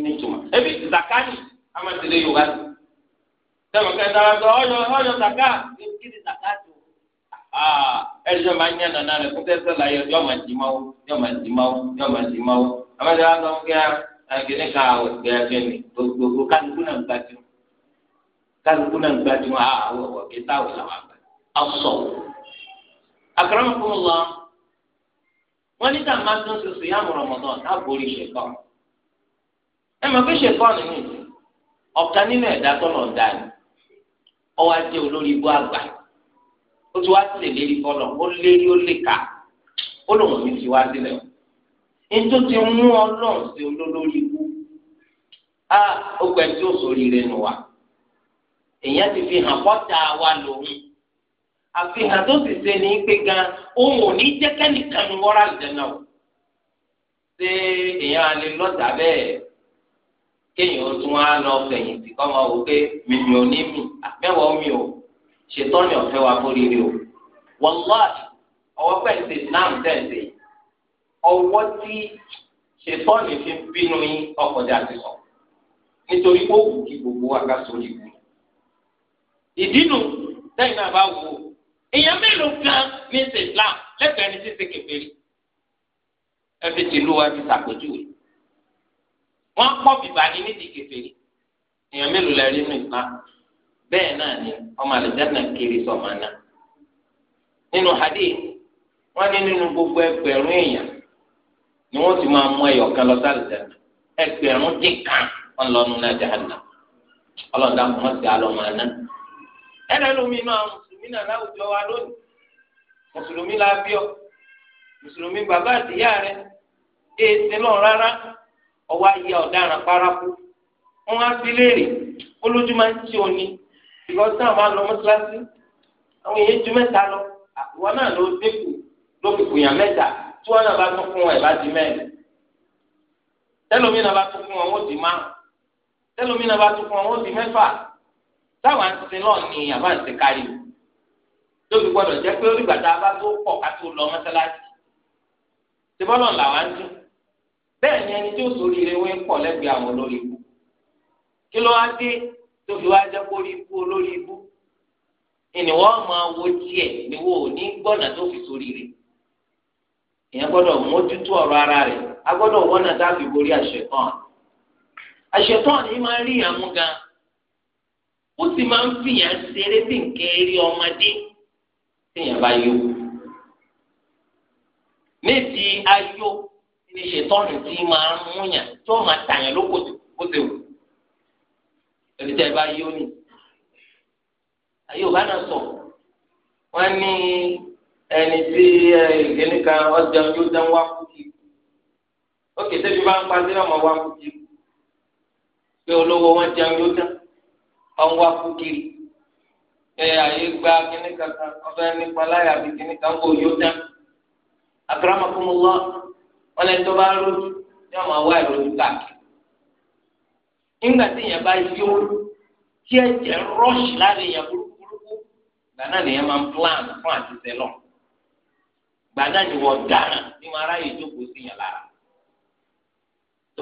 nítumọ̀ ebi zakani amadede yorùbá ti sẹ́wọ̀n kẹta wa sọ ọ̀yọ̀ ọ̀yọ̀ zaka kí ni zaka tó ẹ̀jọ̀ máa ń yànnà náà rẹ̀ fún tẹ́sán láyé yọ̀ máa dì máwó yọ̀ máa dì máwó yọ̀ máa dì máwó amadede wa sọ fún kí ẹ kí ni ká àwẹ̀ kí ẹ kí ni gbogbo kálukú náà gbàdúrà kálukú náà gba ah, ju kita ọ̀wọ̀ kí táwọn làwọn àgbà ọ̀sọ̀. akramakumullah wọn ní tá máa tún ṣoṣo yá Ramadan náà borí ṣèkọ́ ẹ mọ̀ pé ṣèkọ́ nínú ọ̀kan nínú ẹ̀dá tọ́lọ̀ ń dá ni ọwọ́ ajé olórí ibú àgbà ó ti wá tẹ̀lérí fọlọ̀ ó lérí ó lè kà ó lòun mi ti wá sílẹ̀ o ní tó ti mú ọlọ́run sí olólórí ibú ah, ó gbẹ tí ó sórí rẹ̀ nù wá. èèyàn ti fi hàn wà wa lòun àfihàn tó sì ṣe ní pé gan òun ní jẹ́ kẹ́nìkan ní wọ́rà lẹ́nà o ṣé èèyàn á lè bẹ́ẹ̀ kéèyàn tún á lọ fẹ̀yìntì kọ́ máa wò pé mímì ò ní mì ní mi ò ọ̀fẹ́ wa o wàláhì ọwọ́ náà tí fi bínú yín ìdínú sẹ́yìn náà bá wò ó èèyàn mélòó gan ní ṣe islam lẹ́gbẹ̀ẹ́ ní ṣíṣe kẹfẹ́rí ẹ fi tìlú wa fi ṣàpèjúwe wọ́n kọ́ bìbà ní nídìí kẹfẹ́rí èèyàn mélòó lẹ́rí nù islam bẹ́ẹ̀ náà ni ọmọ àlùjáde kiri sọ̀mọ́ náà nínú hadith wọ́n ní nínú gbogbo ẹgbẹ̀rún èèyàn ni wọ́n ti máa mú ẹyọ kan lọ sálùjáde ẹgbẹ̀rún dín kan ọlọ́nu náà jáde náà ọlọ́dà kò mọ̀ sí alọ́ máa ná. ẹnìyàn lómi náà mùsùlùmí náà láwùjọ wa lónìí mùsùlùmí la bí ọ mùsùlùmí bàbá àtìyá rẹ èsì náà rárá ọwọ́ ayé ọ̀daràn paraku wọn á fi léèrè olójú máa ń tí o ní ìgbà tí àwọn àlọ mọ́tíláṣí àwọn èèyàn ju mẹ́ta lọ àwọn náà táwa ń sin náà ni àbá ń sin kárí o tóbi gbọ́dọ̀ jẹ́ pé orí gbàtà bá tó pọ̀ ká tó lọ mọ́sálásí tìbọ́lọ̀ làwa ń dún bẹ́ẹ̀ ni ẹni tí ó pọ̀ lẹ́gbẹ̀ẹ́ àwọn olórí ibú kí ló wá dé tóbi wá jẹ́ kó rí ibú olórí ibú ni wo ò ní gbọ́nà tó fi sórí ire gbọ́dọ̀ mójútó ọ̀rọ̀ ara ó sì máa ń fìyàn ṣeré sí nkẹ́rí ọmọdé tíyàn bá yó méjì ayó ní ṣètọ́nù tí máa ń múyàn tí wọ́n máa tàyàn lóko tó ṣe wù ẹni tẹ́ ẹ bá yó ni ayé òbá náà sọ wọ́n ní ẹni tí ẹni kan ọjà yóò dán wá kúkì ó kété bí bá ń pa sí ọmọ wá kúkì pé olówó wọn jẹun yóò dán. ọ̀nwá kúkiri ẹ àyè gba kíní kankan ọ̀fẹ́ nípa láyà àbí kíní Kangoo kò yóò dán àkàràmọ̀kúnmọ́lá wọn lẹ́ni bá lójú ní ọmọ wa ìròyìn káàkiri nígbà tí èèyàn bá yó tí ẹ̀jẹ̀ rọ́ọ̀ṣì láàrin ya burúkú gbaná nìyẹn máa ń plan fún àtúnṣe lọ gbaná ni wọ́n dára ní wọn aráyè jókòó sí lára tó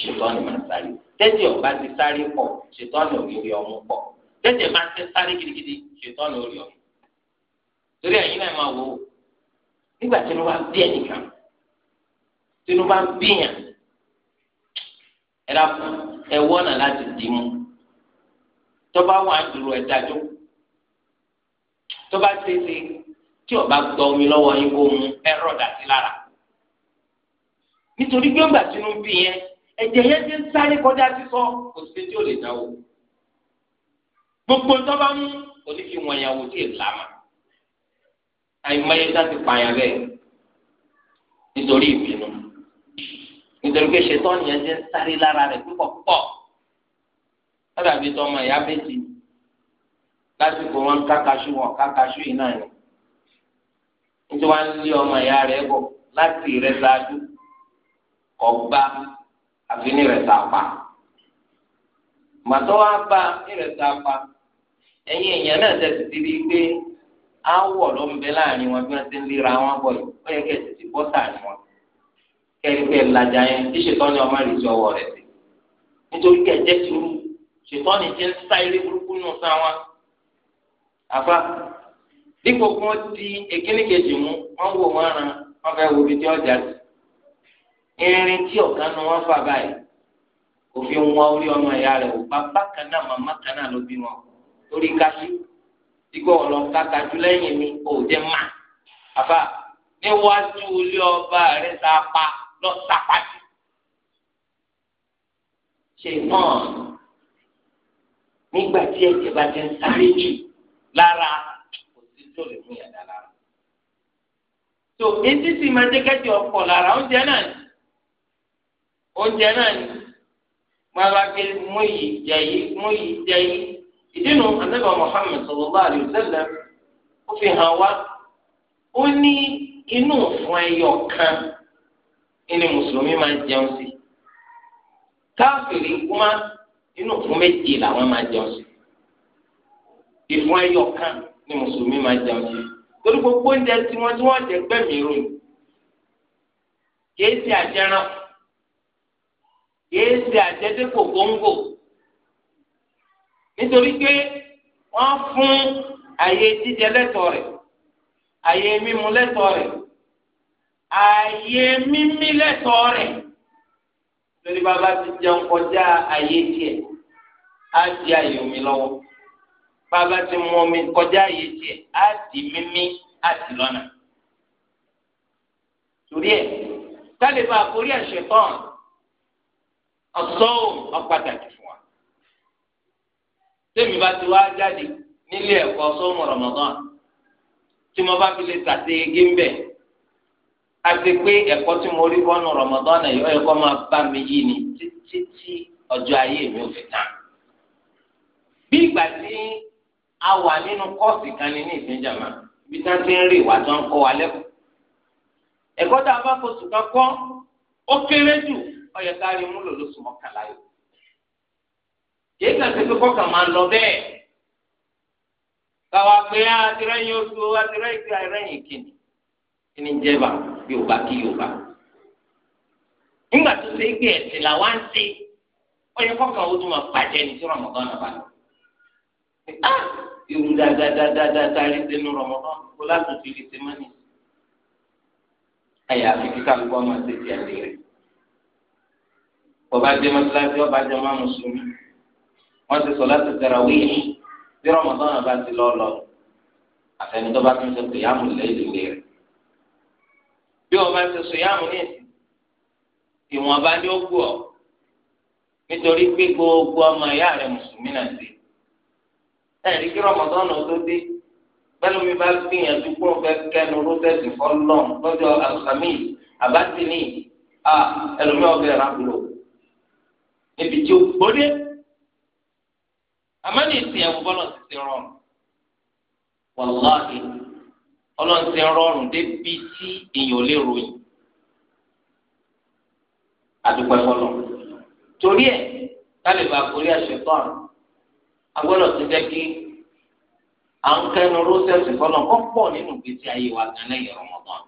ṣètọ́ni máa sáré tẹ́tẹ̀ ọba ti sáré pọ̀ ṣètọ́ni òrìrì ọmú pọ̀ tẹ́tẹ̀ máa ti sáré gidigidi ṣètọ́ni òrì ọmú. torí ẹ̀yin náà máa wò ó nígbà tí wọ́n bá bí ẹnìkan tí wọ́n bá bíyàn ẹ dákun ẹ wọ́nà láti dì mú tọ́ba wà ń dúró ẹ dájú tọ́ba tètè tí ọba gbọ́ omi lọ́wọ́ yín kó mu ẹ rọ̀dà lára nítorí gbẹ́ngbà tí wọ́n bí yẹn ẹ̀jẹ̀ yẹn ti ń sáré kọjá sísọ kò sí tí ó lè dáwọ́ gbogbo tó bá mú onífi wọn ìyàwó tí èlà mà àìmọye dá ti pààyàn bẹ́ẹ̀ nítorí ìbínú nítorí pé ṣetán yẹn ti ń sáré lára rẹ̀ púpọ̀ púpọ̀ lọ́dà bíi tọmọ ìyá méjì lásìkò wọn kákaṣu wọn kákaṣu yìí náà ni nítorí wọn lé ọmọ ìyá rẹ̀ bọ̀ láti rẹ̀ ṣáájú ọba àfi ní ìrẹsà pa màtọ́ wa bá ìrẹsà pa ẹ̀yin èèyàn náà tẹ̀sí ti rí i pé áwọ̀ ló ń bẹ láàrin wọn bí wọ́n ti ń lera wọn bọ̀ yìí ó yẹ kẹ́ ẹ̀ tètè bọ́ sàárín wọn kẹ́rin kẹ́ ẹ̀ lajà yẹn tí ṣètọ́ni ọmọ rẹ̀ ti ọwọ́ rẹ̀ sí nítorí kẹ́ ẹ̀ jẹ́ ṣètọ́ni ti ń sá eré burúkú nù sá wọn. àfa dípò kí wọ́n ti èkíní kejì mú wọ́n wò wọ́n ran wọ́n fẹ́ wo ibi tí ọjà sí erin tí ọ̀gá nu wọn fà báyìí kò fi wọn orí ọmọ ìyá rẹ̀ wò bàbá kan náà màmá kan náà ló bí wọn lórí kájú igbó ọ̀lọ́ kákájú lẹ́yìn mi ò jẹ́ mà àfà níwájú ilé ọba rẹ̀ tá a pa lọ sàpàdé ṣe náà nígbà tí ẹ̀jẹ̀ bá ti ń sáré jù lára kò tó lè mú yàrá lára. tó etí sì máa jẹ́ kẹ́jọ ọkọ̀ lára oúnjẹ náà oúnjẹ náà ni máa bá ké mú yìí jẹ yìí ìdínú anábà fi hàn wá ó ní inú fún ẹyọ kan ní mùsùlùmí máa jẹun sí káfíìrì kúmá inú fún méjì làwọn máa jẹun sí ìfún ẹyọ kan ní mùsùlùmí máa jẹun sí torí gbogbo oúnjẹ tí wọn tí wọn jẹ kìí ṣe àjẹdẹ́kò góńgò nítorí pé wọ́n fún àyè jíjẹ lẹ́tọ̀ọ́ rẹ̀ àyè mímu lẹ́tọ̀ọ́ rẹ̀ àyè mímí lẹ́tọ̀ọ́ rẹ̀ lórí bàbá ti jẹun kọjá àyè tiẹ̀ á di àyè omi lọ́wọ́ bàbá ti mu omi kọjá àyè tiẹ̀ á di mímí á di lọ́nà torí ẹ̀ sálẹ̀ bá àṣẹ tán. ọ̀sọ́ọ̀m ọ̀pàtàkì fún wa. tèmi bá ti wá jáde nílé ẹ̀kọ́ sọ́ọ̀mù Ramadan tí mo bá fi lè ṣàṣeyege ńbẹ̀ àti pé ẹ̀kọ́ tí mo rí bọ́nu Ramadan náà yọ ẹ̀kọ́ máa bá mi yí ni títí tí ọjọ́ ayé mi ò fi tán. bí ìgbà tí a wà nínú kọ́ọ̀sì kan ní ní ìsìnjàmá ibi tí wọ́n ti ń rí ìwà tó ń kọ́ wa lẹ́kọ̀ọ́ ẹ̀kọ́ tá a bá fosùn kan kọ́ ó kéré jù ọyọ kárí múlò lóṣù mọ́kànlá yìí kìí kàn sí pé kọ́kàn máa lọ bẹ́ẹ̀ káwa pé àtìrẹ́yìn oṣù àtìrẹ́yìn ti àìrẹ́yìn kìnnì kìnnì jẹba yorùbá kí yorùbá nígbà tó ṣe é gbé ẹ̀sìn làwa ń ṣe ọyọ kọ́kàn ó tún máa bàjẹ́ ní tí rọmọdán náà bá lọ irú dáadáa táyé sínú rọmọdán kó látòtú ilé ṣe mọ́ni àyàfi kíkà ló máa ṣe ti àlè ọba dé mọ́tíláṣí ọba jẹ ọmọ mùsùlùmí wọ́n ti sọ láti tarawih bí rọmọdọ́nà bá ti lọ lọ àfẹnudọ́ bá tún ṣe kìyàmù lẹ́yìn rẹ̀ bí ọba ti sọ yàmù ní ìsìn ìwọ̀nba ni ó gbọ́ nítorí pé gbogbo ọmọ ìyá rẹ̀ mùsùlùmí náà ti ẹ̀rí kí rọmọdọ́nà tó dé pẹ̀lú mi bá gbìyànjú kó o fẹ́ kẹnu rúdẹ́sì fọ́lọ́n lọ́jọ́ àlùkàmí àbátìní à ẹlòmíọ́ bẹ̀rẹ̀ àbúrò níbi tí ó gbódé àmọ́ ní ìsìn ẹ̀wọ̀n bọ́lọ̀ ti ti rọrùn wàláhì ọlọ́run ti rọrùn débi tí èèyàn lè ròyìn àdúpẹ́ fọlọ́ torí ẹ̀ kálí bá forí àṣetán agbọ́dọ̀ ti jẹ́ kí à ń kẹnu rósẹ́sì fọlọ́ kọ́ pọ̀ nínú ìgbésí ayé wa gan lẹ́yìn Ramadan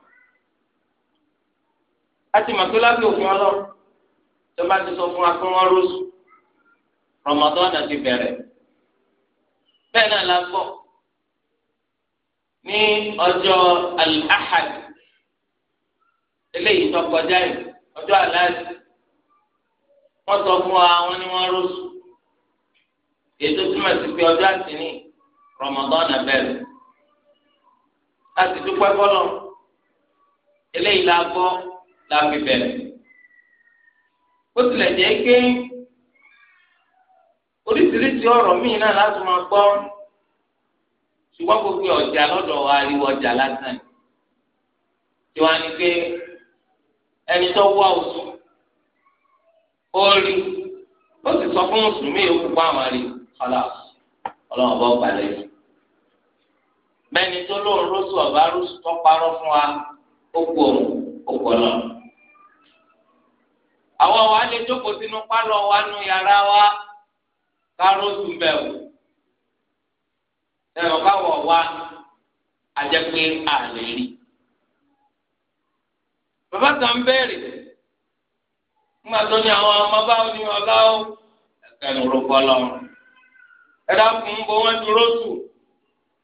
a ti mọ̀ pé lábẹ́ òfin ọlọ́run tó bá ti sọ fún wa pé wọ́n rọ́ọ̀sù rọmọdọ́nà ti bẹ̀rẹ̀ bẹ́ẹ̀ náà la gbọ́ ní ọjọ́ al-ahad eléyìí tó kọjá yìí ọjọ́ aláàdì wọ́n sọ fún wa wọ́n ní wọ́n rọ́ọ̀sù ètò túmọ̀ sí pé ọjọ́ àtìní rọmọdọ́nà bẹ̀rẹ̀ láti dúpẹ́ fọlọ́ eléyìí la gbọ́ la fi bẹ̀rẹ̀ bó tilẹ̀ jẹ́ pé oríṣiríṣi ọ̀rọ̀ míì náà láti máa gbọ́ ṣùgbọ́n gbogbo ọjà lọ́dọ̀ wa ariwo ọjà lásán tí wọ́n á ní pé ẹni tó wá oṣù ó rí ó sì sọ fún mùsùlùmí yòókù pa àwọn rí ọlá ọlọ́run bá balẹ̀ yìí bẹ́ẹ̀ni tó lóun rọ́ṣù ọ̀bá rọ́ṣù tó parọ́ fún wa ó kú òun ó kú ọlọ́run. àwọn wa lè jókòó sínú pálọ̀ wa nú yàrá wa káró tún bẹ̀ wò ẹ̀rọ káwọ̀ wa àjẹpé àlè rí. bàbá kan nígbà tó ní àwọn ọmọ ni ọlá ó ẹ̀ka ìrùkọ lọ́rùn ẹ̀dá fún bó wọ́n ti rótù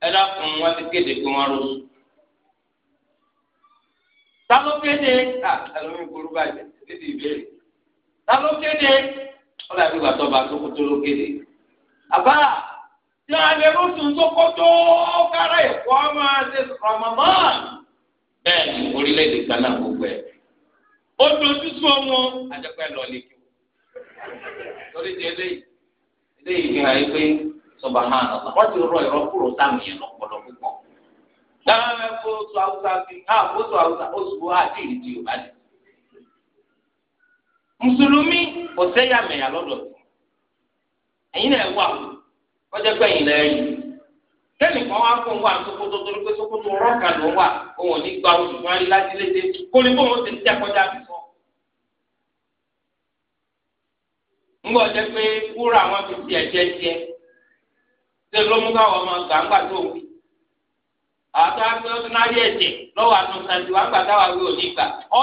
ẹ̀dá fún ti kéde rótù. kéde? ìbéèrè. ta ló kéde ọlọ́ àti ìgbà tó bá sókótó ló kéde àbá tí a lè rúṣù sókótó kára ẹ̀kọ́ máa ṣe Otu bẹ́ẹ̀ ni orílẹ̀-èdè gbogbo ọmọ lórí ti fi hàn yín pé sọba hàn wọ́n ti rọ yẹn lọ́pọ̀lọ́ púpọ̀ mùsùlùmí kò sẹ́yàmẹ̀yà lọ́dọ̀ ẹ̀yin náà wà kọjá pé ẹ̀yin náà yìí kẹ́mi kan wá fún wa sokoto torí pé sokoto rọ́ọ̀kà ló wà òun ò ní gba oṣù fún láti léde kólébó wọn ti tẹ́ kọjá bí ńgbọ́ jẹ́ pé wúrà wọn fi tiẹ̀ jẹ́ tiẹ̀ ló mú káwọn ọmọ gbàǹgbà tó wí. àtọ́ akẹ́wọ́n tó náà ẹ̀jẹ̀ lọ́wọ́ gbàdáwà wí òní gbà ọ́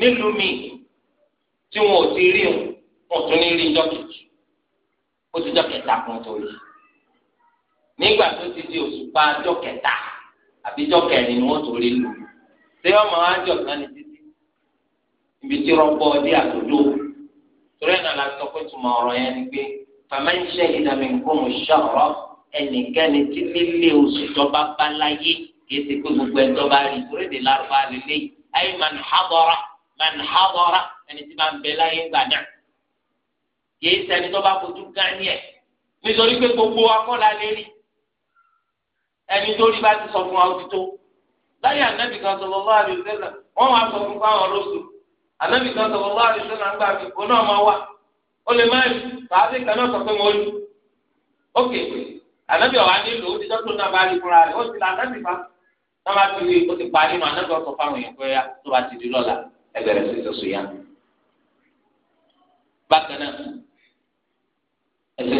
nílùú mi tí wọn ò ti rí òun wọn tún ní rí ìjọ kejì ó ti jọ kẹta kan tó rí nígbà tó ti di òṣùpá jọ kẹta àbí jọ kẹrin ni wọn tó rí lù ṣé ọmọ àjọ kan ní títí ibi tí rọpò ọdí àtòdó torí ẹ̀ náà la sọ pé tùmọ̀ ọ̀rọ̀ yẹn ni pé fàmáìṣẹ ìdàmínkùn ṣọrọ ẹnikẹ́ni tí lílé oṣù tọba bá láyé kí ẹ ti kó gbogbo ẹ tọba rí torí èdè lárúbá lélẹyìí ayé màá ní man hadara ẹni tí máa ń bẹ láyé ńgbà náà kìí ṣẹni tó bá fojú gání ẹ nítorí pé gbogbo akọ́lá lè rí ẹni tó rí bá ti sọ fún wa ó ti tó láyé ànábì kan sallallahu alaihi wasallam wọn wá sọ fún fáwọn lóṣù ànábì kan sallallahu alaihi wasallam gbà mí òun náà máa wá ó lè má rí tàbí kan náà sọ pé mo rí ókè ànábì ọ̀wá nílò ó ti dọ́tò náà bá rí fúnra rẹ̀ ó ti là ànábì fa náà bá ti rí ó ti parí nù ànábì ọ̀sọ̀ fáwọn èèyàn ah, ẹgbẹ̀rẹ̀ sí sọ̀sọ̀ yá. bákan náà ẹ̀sìn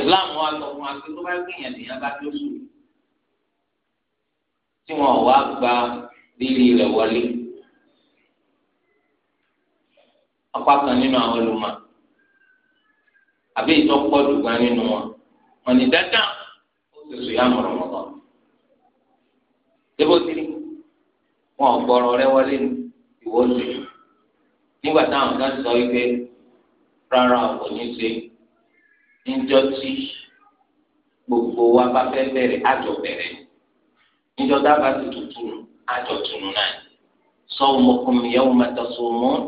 Islam wa lọ fún akéwì tó bá gbìyàn nìyẹn bá tó sùn tí wọn wá gba rírì rẹ̀ wọlé. apá kan nínú àwọn olùmọ̀ àbí ìtọ́pọ̀ dùgbà nínú wọn wọn ni dáadáa ó sì sùn yá mọ̀rọ̀ mọ̀tọ́. débòtiri wọn ò gbọ́rọ̀ rẹ̀ wọlé ìwọ́sùn yìí nígbà táwọn kan sọ wípé rárá kò ní ṣe níjọ́ tí gbogbo wa bá fẹ́ bẹ̀rẹ̀ àjọ bẹ̀rẹ̀ níjọ́ dábàá ti tuntun àjọ tunu náà sawmukum yawma tasumun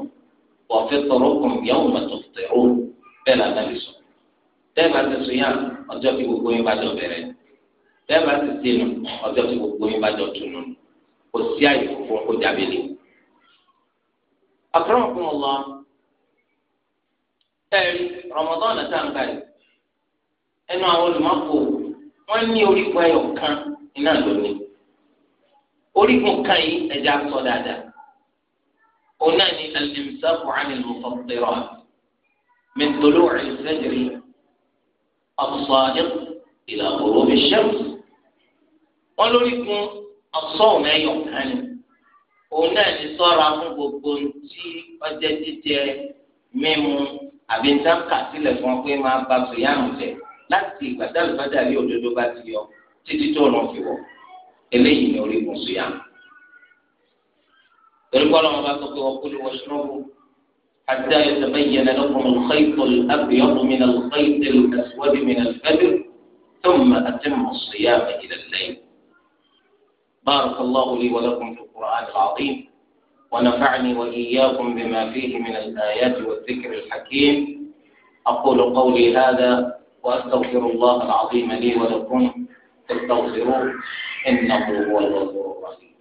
wa fitrukum yawma tuftirun bẹ́ẹ̀ lànà lè sọ bẹ́ẹ̀ bá ti sọ yá ọjọ́ tí gbogbo yín bá jọ bẹ̀rẹ̀ bẹ́ẹ̀ bá ti sinu ọjọ́ tí gbogbo yín bá jọ tunu kò sí àyè fún kó jábìlì akramakumullah ẹ̀rí rọmọdọ́nà tá à ń kárì ẹnu àwọn olùmọ̀kò wọ́n ní orígun ẹyọ kan iná lónìí orígun kan yìí ẹ̀já sọ dáadáa òun náà ní al-imsaku 'anil mufattirat min tulu'i al-fajri as-sadiq ila ghurubi ash-shams wọ́n lórígun as-sawm ẹyọ kan ni òun náà ní sọ́ra fún gbogbo tí ọjọ́ jíjẹ mímu àbí dáńkà sílẹ̀ fún ọ máa ba sòyàmù jẹ láti ìgbà dálùbádà rí bá ti yọ títí tó ràn fi wọ̀ eléyìí ni orígun sòyàmù. torípọ́ lọ́wọ́ bá sọ pé wọ́n kúlú wọ́n ṣọ́ọ́bù حتى يتبين لكم الخيط الأبيض من الخيط الأسود من الفجر ثم أتم الصيام إلى الليل بارك الله لي ولكم في القرآن العظيم ونفعني وإياكم بما فيه من الآيات والذكر الحكيم أقول قولي هذا وأستغفر الله العظيم لي ولكم فاستغفروه إنه هو الغفور الرحيم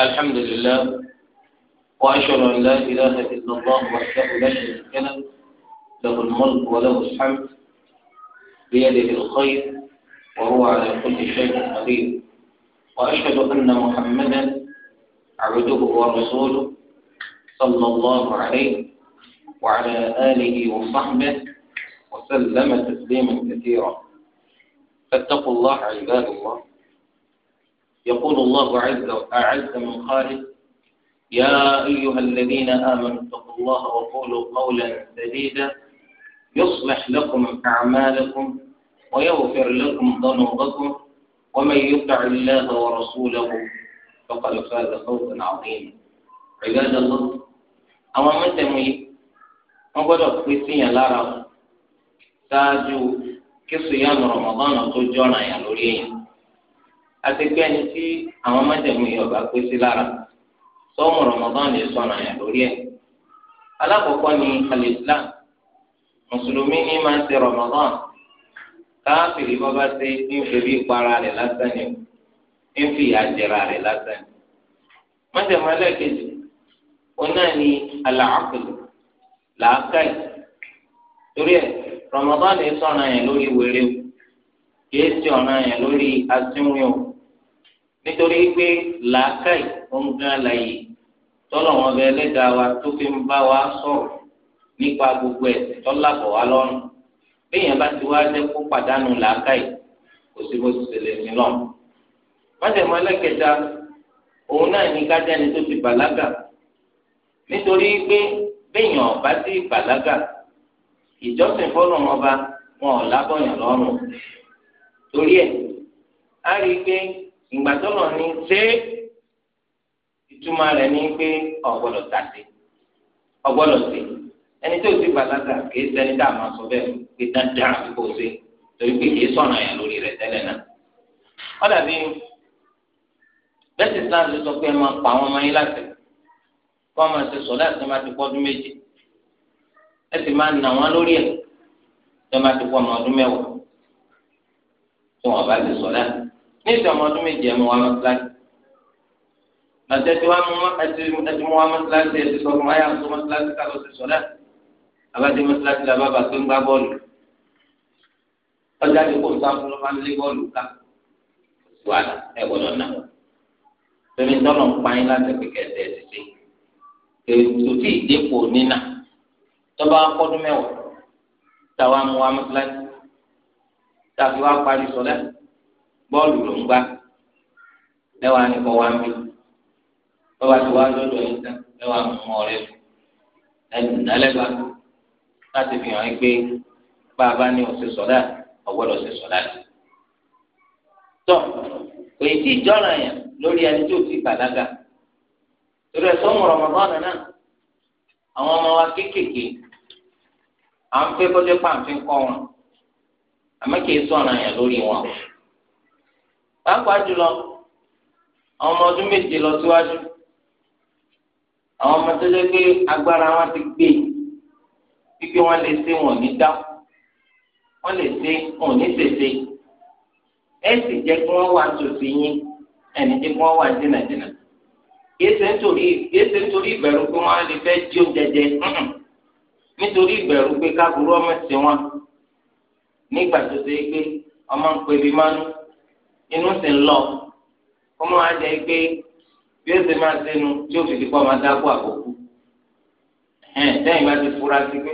الحمد لله وأشهد أن لا إله إلا الله وحده لا شريك له له الملك وله الحمد بيده الخير وهو على كل شيء قدير وأشهد أن محمدا عبده ورسوله صلى الله عليه وعلى آله وصحبه وسلم تسليما كثيرا فاتقوا الله عباد الله يقول الله عز أعز من خالق يا أيها الذين آمنوا اتقوا الله وقولوا قولا سديدا يصلح لكم أعمالكم ويغفر لكم ذنوبكم ومن يطع الله ورسوله فقد فاز فوزا عظيما عباد الله أما من تموي أقول في لارا ساجو كصيام رمضان تجونا يا نورين أتكلم في أما من تموي في لارا sọmọ rọmọdán lè sọ ọ̀ràn yẹn lórí ẹ̀ alákọ̀ọ́kọ́ ni alìsílám mùsùlùmí ní máa ń ṣe rọmọdán káfíìrì bọ́bá ṣe ń fi bí para rẹ̀ lásán ni ń fi àjẹrà rẹ̀ lásán ni mọ́tẹ̀mọ́ ẹlẹ́kejì òun náà ni aláàkùlù làákàyè torí ẹ̀ rọmọdán lè sọ ọ̀ràn lórí wèrè o kìí ṣe ọ̀ràn yẹn lórí asínwìn o nítorí pé làákàyè òun gan láàyè tọ́lọ̀ wọn bẹ ẹlẹ́dàá wa tó fi ń bá wa sọ̀rọ̀ nípa gbogbo ẹ̀sìn tọ́lábọ̀ wa lọ́rùn béèyàn bá ti wá jẹ́ kó pàdánù làákàyè kò sí bó ti ṣẹlẹ̀ sí lọ́n. májèmọ́ ẹlẹ́kẹta òun náà ní kájẹ́ni tó ti bàlágà nítorí pé béèyàn bá ti bàlágà ìjọsìn fọ́lọ̀ wọn wọn ò lábọ̀yàn lọ́rùn torí ẹ̀ á rí i pé ìgbà tọ́lọ̀ ní ṣé túmọ̀ rẹ̀ ní pé ọ̀gbọ́dọ̀ tàdé ọ̀gbọ́dọ̀ sí ẹni tó ti bàlágà kìí ṣẹni tá a máa sọ bẹ́ẹ̀ pé dáadáa kò sí torí pé kìí sọ̀rọ̀ yẹn lórí rẹ̀ tẹ́lẹ̀ náà. wọ́n dàbí bẹ́sì islam ló sọ pé ẹ máa pa àwọn ọmọ yín láti kó ọmọ ṣe sọ láti máa ti pọ́dún méje ẹ sì máa nà wọ́n lórí ẹ̀ tó máa ti pọ́ ọmọ ọdún mẹ́wàá tó wọ́n bá ti sọ láti ní ìsọmọ ọdún méje ẹ mú wa láti àti ẹtì wa mú ẹtì ẹtì mú wa mọ́sálásí ẹtì sọ fún wa yà sọ mọ́sálásí ká lọ sí sọ́dá abájẹ mọ́sálásí la bá bàtó ń gbá bọ́ọ̀lù ọjà ìkó ń sáfún ló máa ń lé bọ́ọ̀lù ká wàhálà ẹ gbọ́dọ̀ nà tóbi tọ́lọ̀ ń láti pèkẹ́ ẹsẹ̀ ẹsẹ̀ ṣe ètò tí ìdẹ́pọ̀ nínà tọ́ba akọ́dún mẹ́wàá táwa mú wa mọ́sálásí tàbí wa parí sọ́dá bọ́ọ̀lù ló ń gbá mẹ́wàá ni kọ́ wa ń bí. bàbá tí wàá lọ́dọ̀ yín tán ẹ ọrịa mú ọ̀rẹ́ ẹ̀dùn nálẹ́gbà láti fi hàn yín pé bàbá ní sọ̀dá ọ̀gbọ́dọ̀ sọ̀dá rẹ̀. tọ́ kò yìí tí lórí ẹni tí ò ti torí ẹ̀sọ́ náà àwọn ọmọ wa kéékèèké à ń fẹ́ kọ́ wọn àmọ́ kì í lórí lọ síwájú. àwọn ọmọ tó lé pé agbára wọn ti gbé pípé wọn lè ṣe wọn ní dá wọn lè ṣe wọn ní tètè ẹ sì jẹ kí wọn wà tòsí yín ẹni jẹ kí wọn wà jìnnàjìnnà yéésẹ nítorí yéésẹ nítorí ìbẹ̀rù pé wọn lè fẹ́ jí oúnjẹ jẹ nítorí ìbẹ̀rù pé káàkiri ọmọ ti wọn nígbà tó ṣe é pé ọmọ ń pè bí mánú inú sì ń lọ kó mọ àjẹ pé. bí ó ṣe máa ṣẹnu tí ó fi di kọ́ máa dákú àkókò ẹ̀ẹ́n lẹ́yìn bá ti fura sí pé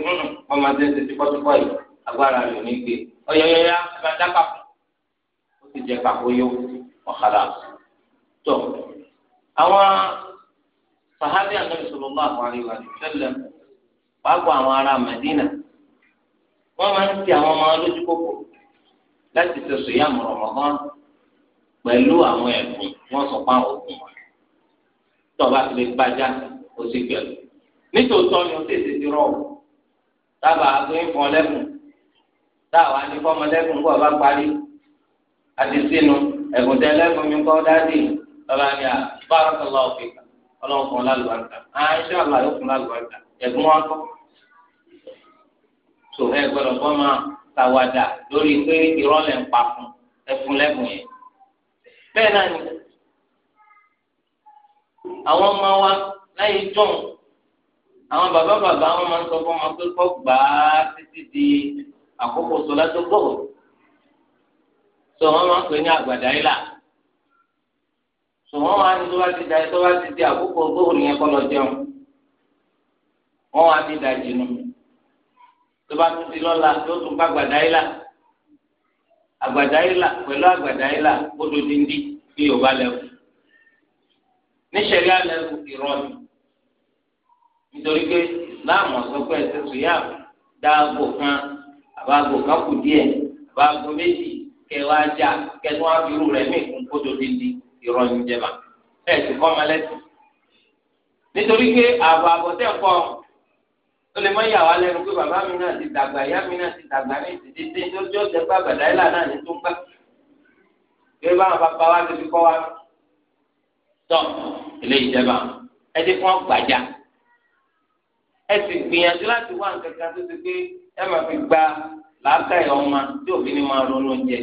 kọ́ máa ṣe ń ṣe tipọ́tipọ́ yìí agbára rẹ̀ ní gbé ọ̀yọ̀yọ̀yà máa dá papọ̀ ó ti jẹ yó ọ̀kadà tó àwọn wa àwọn ará wọ́n máa ń ti àwọn ọmọ lójú láti tó o bá ti lè gbájá o sì gbẹ̀lú nítòótọ́ ni o tètè ti rọ̀ dábàá pé ń fọn lẹ́kùn táwa ní fọmọ lẹ́kùn kó o bá parí àti sínú ẹ̀kùn tẹ lẹ́kùn mi kọ́ dáàdì lọ́la ni à bárakàlá òfin ọlọ́run fún lálùbáńkà àìsàn àlàyé fún lálùbáńkà ẹ̀gbọ́n wa kọ́ tó ẹ gbọ́dọ̀ fọ́ máa tàwádà lórí pé ìrọ́lẹ̀ ń pa fún ẹ̀fún lẹ́kùn yẹn bẹ́ẹ̀ náà ni àwọn ọmọ wa láyé jọ̀hún àwọn bàbá bàbá wọn máa ń sọ fún ọmọ pé kọ́ gbà á títí di àkókò sọlá tó gbòòrò sọ wọn máa ń pè ní àgbàdá yìí là sọ wọn máa ń tó bá ti da tó bá ti di àkókò gbòòrò yẹn kọ́ lọ jẹun wọn wá ní ìdajì nù tó bá tún ti lọ́la tó tún bá àgbàdá yìí là àgbàdá yìí là pẹ̀lú àgbàdá yìí là ó dodi ndí bí Yorùbá lẹ́wọ̀n níṣẹ̀rí alẹ́kùn irọ́ ni nítorí pé islam ọ̀sọ́pẹ́ ẹ̀sẹ̀sọ yá dáàbò kan àbáàbò kan kù díẹ̀ àbáàbò méjì kẹwàá já kẹnu àbírú rẹ̀ mí kún kótó dídí irọ́ ni jẹba ẹ̀ sì kọ́ ọmọ lẹ́sìn nítorí pé àbọ̀ àbọ̀tẹ́ kọ́ ó lè mọ ìyàwó alẹ́nu pé bàbá mi náà ti dàgbà ìyá mi náà ti dàgbà ní ìdíje tó jọ́ jẹ́ bàbá dáìlà náà ní tó ń gbà tọ́ eléyìí jẹba ẹdí fún ọgbàjà ẹ sì gbìyànjú láti wá nǹkan kan tó ti pé ẹ máa fi gba làákàyè ọmọ tí òbí ni máa ronú jẹ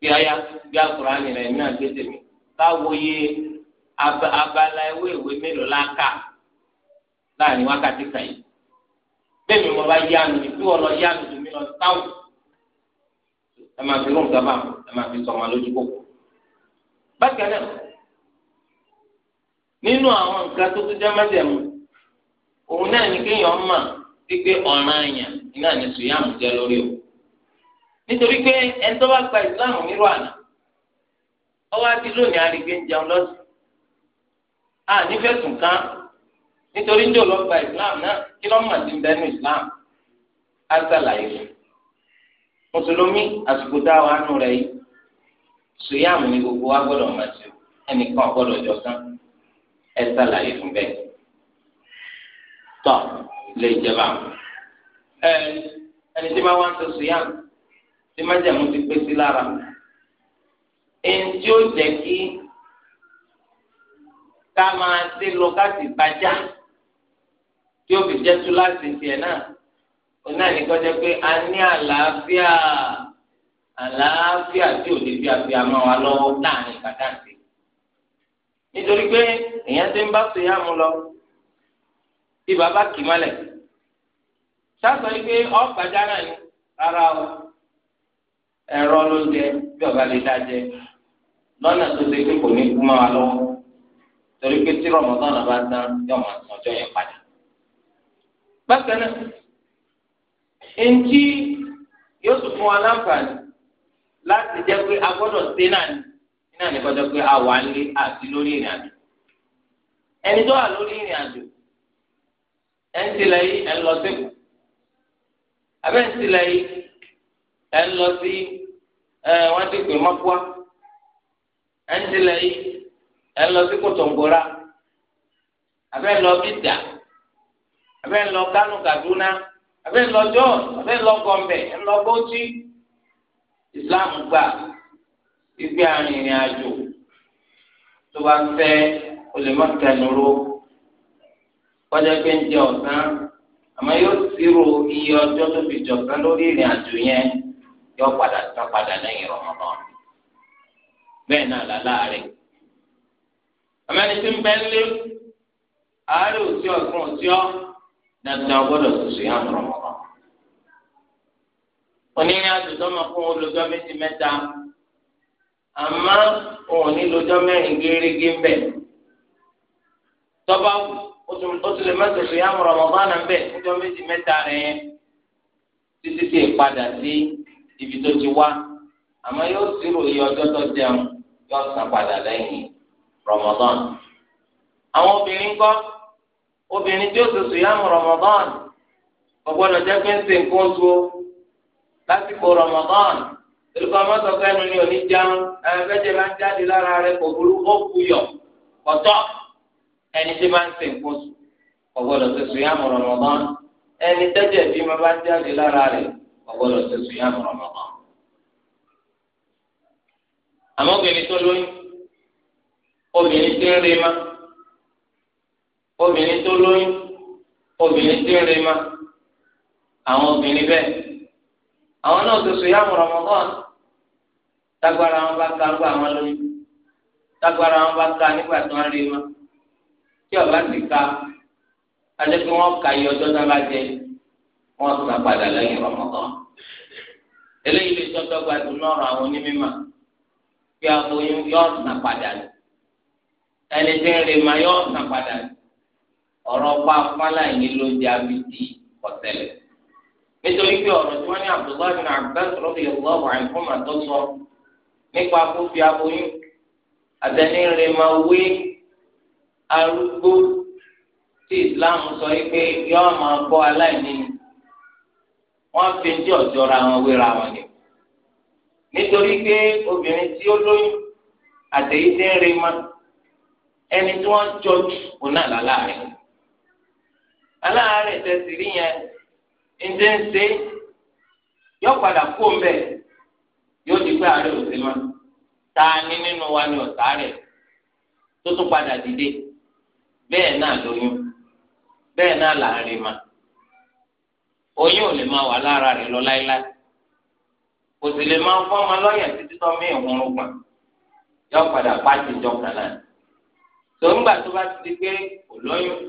bí aya bí akura nìyẹn ní àgbẹ̀dẹ̀ mi káwo yé abala ewé ìwé mélòó láka láàrin wákàtí kan yìí bẹ́ẹ̀ mi mo bá yá mi tí wọ́n lọ yá mi tèmi lọ táwọn ẹ máa fi rún gàmà ẹ máa fi sọ̀mọ́ lójú kókó bákan náà. nínú àwọn nǹkan tó tó jámẹ́jẹ̀mú òun náà ní kéèyàn mà wípé ọ̀ràn àyàn ní sùyàmù jẹ́ lórí o nítorí pé ẹni tó bá gba ìsìláàmù nírú àná ọwọ́ àti lónìí arígbé a nífẹ̀ẹ́ sùn kán nítorí ń jò lọ gba náà kí ló sí bẹ́ẹ̀ ní á sàlàyé rẹ̀ mùsùlùmí àsìkò dáwà nù rẹ̀ yìí ni gbogbo wa gbọ́dọ̀ ẹnìkan gbọ́dọ̀ jọ sán. ẹ ṣàlàyé fún bẹ́ẹ̀ tọ lè jẹba ẹ ẹni tí máa wá ń sọsọ yá tí máa jẹ mú ti pé sí lára ẹni tí ó jẹ kí ká máa dé lọ ká sì bàjá tí ó fi jẹ tú láti tiẹ̀ náà òun náà ní kọjá pé a ní àlàáfíà àlàáfíà tí ò ní fi àfihàn máa wà lọ́wọ́ láàrin kàdáǹtì nítorí pé èèyàn ti ń bá sèyàmù lọ tí bàbá kì mọ́lẹ̀ sáàsọ yìí pé ọ̀gbàjá náà ni rárá o ẹ̀rọ ló ń jẹ bí ọ̀gá lè dá jẹ lọ́nà tó ṣe pé kò ní kú máa lọ́wọ́ torí pé tí rọmọdán náà bá tán yóò máa san ọjọ́ yẹn padà. bákan náà eŋti yóò tún fún wa láǹfààní láti jẹ́ pé a gbọ́dọ̀ sí náà ní náà ní kọjá pé a wà ń lé àti lórí ìrìn àjò ẹni tó wà lórí ìrìn àjò ẹ ń tilẹ̀ yìí ẹ ń lọ sí kù abẹ́ ń tilẹ̀ yìí ẹ lọ sí wọ́n ti pè mọ́kúá ẹ ń tilẹ̀ yìí ẹ lọ sí kòtòǹgòrà abẹ́ ń lọ bídà abẹ́ lọ kánú Kaduna abẹ́ ń lọ jọ́ọ̀ abẹ́ ń lọ gọ̀m̀bẹ̀ ẹ ń lọ bọ́ọ̀tì Islam gbà gbígbé arìnrìn àjò tó bá fẹ́ o lè má tẹnuro kọjá pé ń jẹ ọ̀sán àmọ́ yóò ṣírò iye ọjọ́ tó fi jọ̀sán lórí ìrìn àjò yẹn yóò padà tán padà lẹ́yìn Ramadan bẹ́ẹ̀ náà là láàrin àmọ́ ẹni tí ń bẹ́ ń lé àárẹ̀ òsì ọ̀sán òsì ọ́ dandan gbọ́dọ̀ sọ̀sọ̀ yá Ramadan onírìn àjò tó máa fún olùjọ́ méjì mẹ́ta àmọ́ òun ní lọ́jọ́ mẹ́rin gérégé ń bẹ̀rẹ̀ tọ́ba wù ó tún lè má tètè yá mọ̀ Ramadan ń bẹ̀ níjọ́ méjì mẹ́ta rẹ̀ títí tí ìpadà sí ibi tó ti wá àmọ́ yóò ṣírò iye ọjọ́ tó jẹun yóò san padà lẹ́yìn Ramadan. àwọn obìnrin kọ́ obìnrin tí ó tètè yá mọ̀ Ramadan ọgbọ́dọ̀ jẹ́ pé ń ṣe nǹkan oṣù lásìkò Ramadan tẹlifọ amọtọkọ ẹnu ni òní jẹun ẹnfẹjẹ ń jáde lára rẹ̀ kò burú ó kú yọ kọtọ. ẹni tí máa ń ṣe nǹkan oṣù ọ̀gbọ́dọ̀ ṣe sùyàmù Ramadan ẹni tẹ́jẹ̀ bí máa bá jáde lára rẹ̀ ọ̀gbọ́dọ̀ ṣe sùyàmù Ramadan. àmọ́ obìnrin tó lóyún obìnrin tí ń ma obìnrin tó lóyún obìnrin ma àwọn obìnrin bẹ́ẹ̀ àwọn náà wọn bá ka lóyún tágbára wọn bá ka nígbà tí wọn ma. tí ọba ti ka adékun wọn ka yọ ọjọ́ náà bá jẹ wọn sàn padà lẹ́yìn Ramadan eléyìí lè sọ dọ́gba tó lọ́rọ̀ àwọn onímọ̀ kí aboyún yọ sàn padà lẹ ẹni tí ń rè ma yọ sàn padà lẹ ọ̀rọ̀ pa fúnlá yìí ló di abidí ọ̀tẹ̀lẹ̀ nítorí pé ọ̀rọ̀ tí wọ́n ní Abdullahi bin Abbas radiyallahu anhuma tó sọ nípa kó aboyún àtẹnirè arúgbó tí islam sọ pé yọọ máa bọ́ aláìní ni wọ́n fi ń jẹ́ ọ̀jọ́ra wọn wéra wọn ni nítorí pé obìnrin tí ó lóyún àtẹ̀yí tí ń re ma ẹni tí wọ́n jọ jù òun náà láàárín aláàárẹ̀ tẹ̀sí rí yẹn ń ṣe ń ṣe yọ padà kó ń bẹ̀ yóò di pé àárẹ̀ ò sí ma ta ni nínú wa ni ọ̀tá rẹ̀ tó tún padà dìde bẹ́ẹ̀ náà lóyún bẹ́ẹ̀ náà là ń rí ma oyún ò lè máa wà lára rẹ̀ lọ láéláé kò sì lè máa fọ́ ọmọ lọ́yàn títí tó mí ìhun gbọ̀n yọ padà pàṣẹ ìjọkàn náà tó ń gbà tó bá ti di pé kò lóyún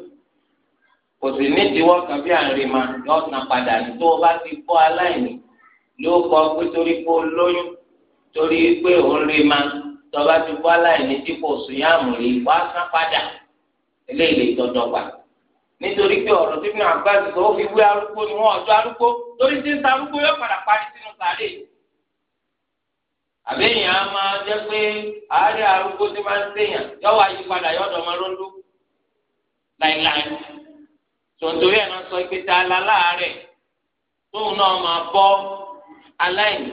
kò sì ní tiwọ́ kan bí à ń rí ma yọ ọ̀sán padà ní tó o bá ti kọ́ aláìní ló kọ́ pé torí pé o lóyún torí pé o ń rí ma tó o bá ti kọ́ aláìní tí kò sùn yá àmùrí wá sán padà eléyìí lè gbà nítorí pé ọ̀rọ̀ tí fún àgbàdo sọ ó fi wé arúgbó ni wọ́n ọjọ́ arúgbó torí tí ń ta arúgbó yóò padà parí sínú sàárè àbẹ́yìn á máa jẹ́ pé àárẹ̀ arúgbó tí máa ń sèyàn yọ wá yí padà yọ ọ̀dọ̀ ọmọ lóńdó láìláì tòǹtòrí ẹ̀ náà sọ pé ta la láàárẹ̀ tóun náà máa bọ́ aláìní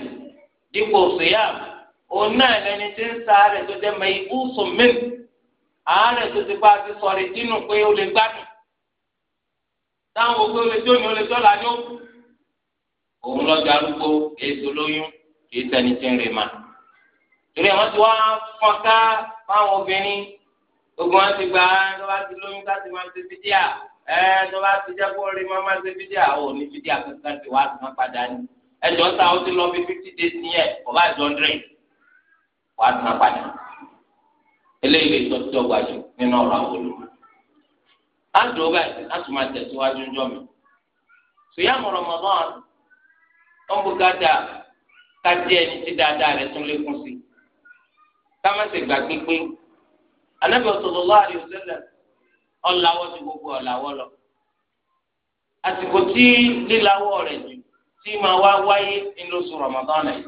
dípò sèyàn òun náà lẹni tí ń sàárẹ̀ tó jẹ́ mẹ́ìbùsùn mẹ́rin àárẹ̀ tó ti bá a ti sọ̀rọ̀ ìdínú pé ó lè gbádùn táwọn gbogbo olè tó ní olè tó là ní òkú òun lọ́jọ́ arúgbó kìí dolóyún kìí sẹ́ni tí ń rè ma torí àwọn tí wọ́n fọ́n ká fáwọn obìnrin ogun wọn ti gbà á tó bá ti lóyún láti máa ṣe fídíà ẹ tó bá ti jẹ́ kó rí máa máa ṣe fídíà ò ní fídíà kankan ti wá sí wọn padà ní ẹjọ́ ta ó ti lọ bí fifty days yẹn kò bá jọ ń rìn wá sí padà eléyìí lè tọ́jú ọgbà jù nínú ọ̀rọ̀ àwọn olùmọ̀. á dùn ó báyìí láti máa tẹ̀síwájú ńjọ́ mi. sùyàmù Ramadan wọn bó gádà ká jẹ́ ẹni tí dáadáa rẹ̀ tún lékún sí. ká má ṣe gbàgbé pé anábì sallallahu alaihi wasallam ọ̀làwọ́ ti gbogbo ọ̀làwọ́ lọ. àsìkò tí líláwọ́ rẹ̀ jù tí máa wá wáyé ńlọsùn Ramadan náà.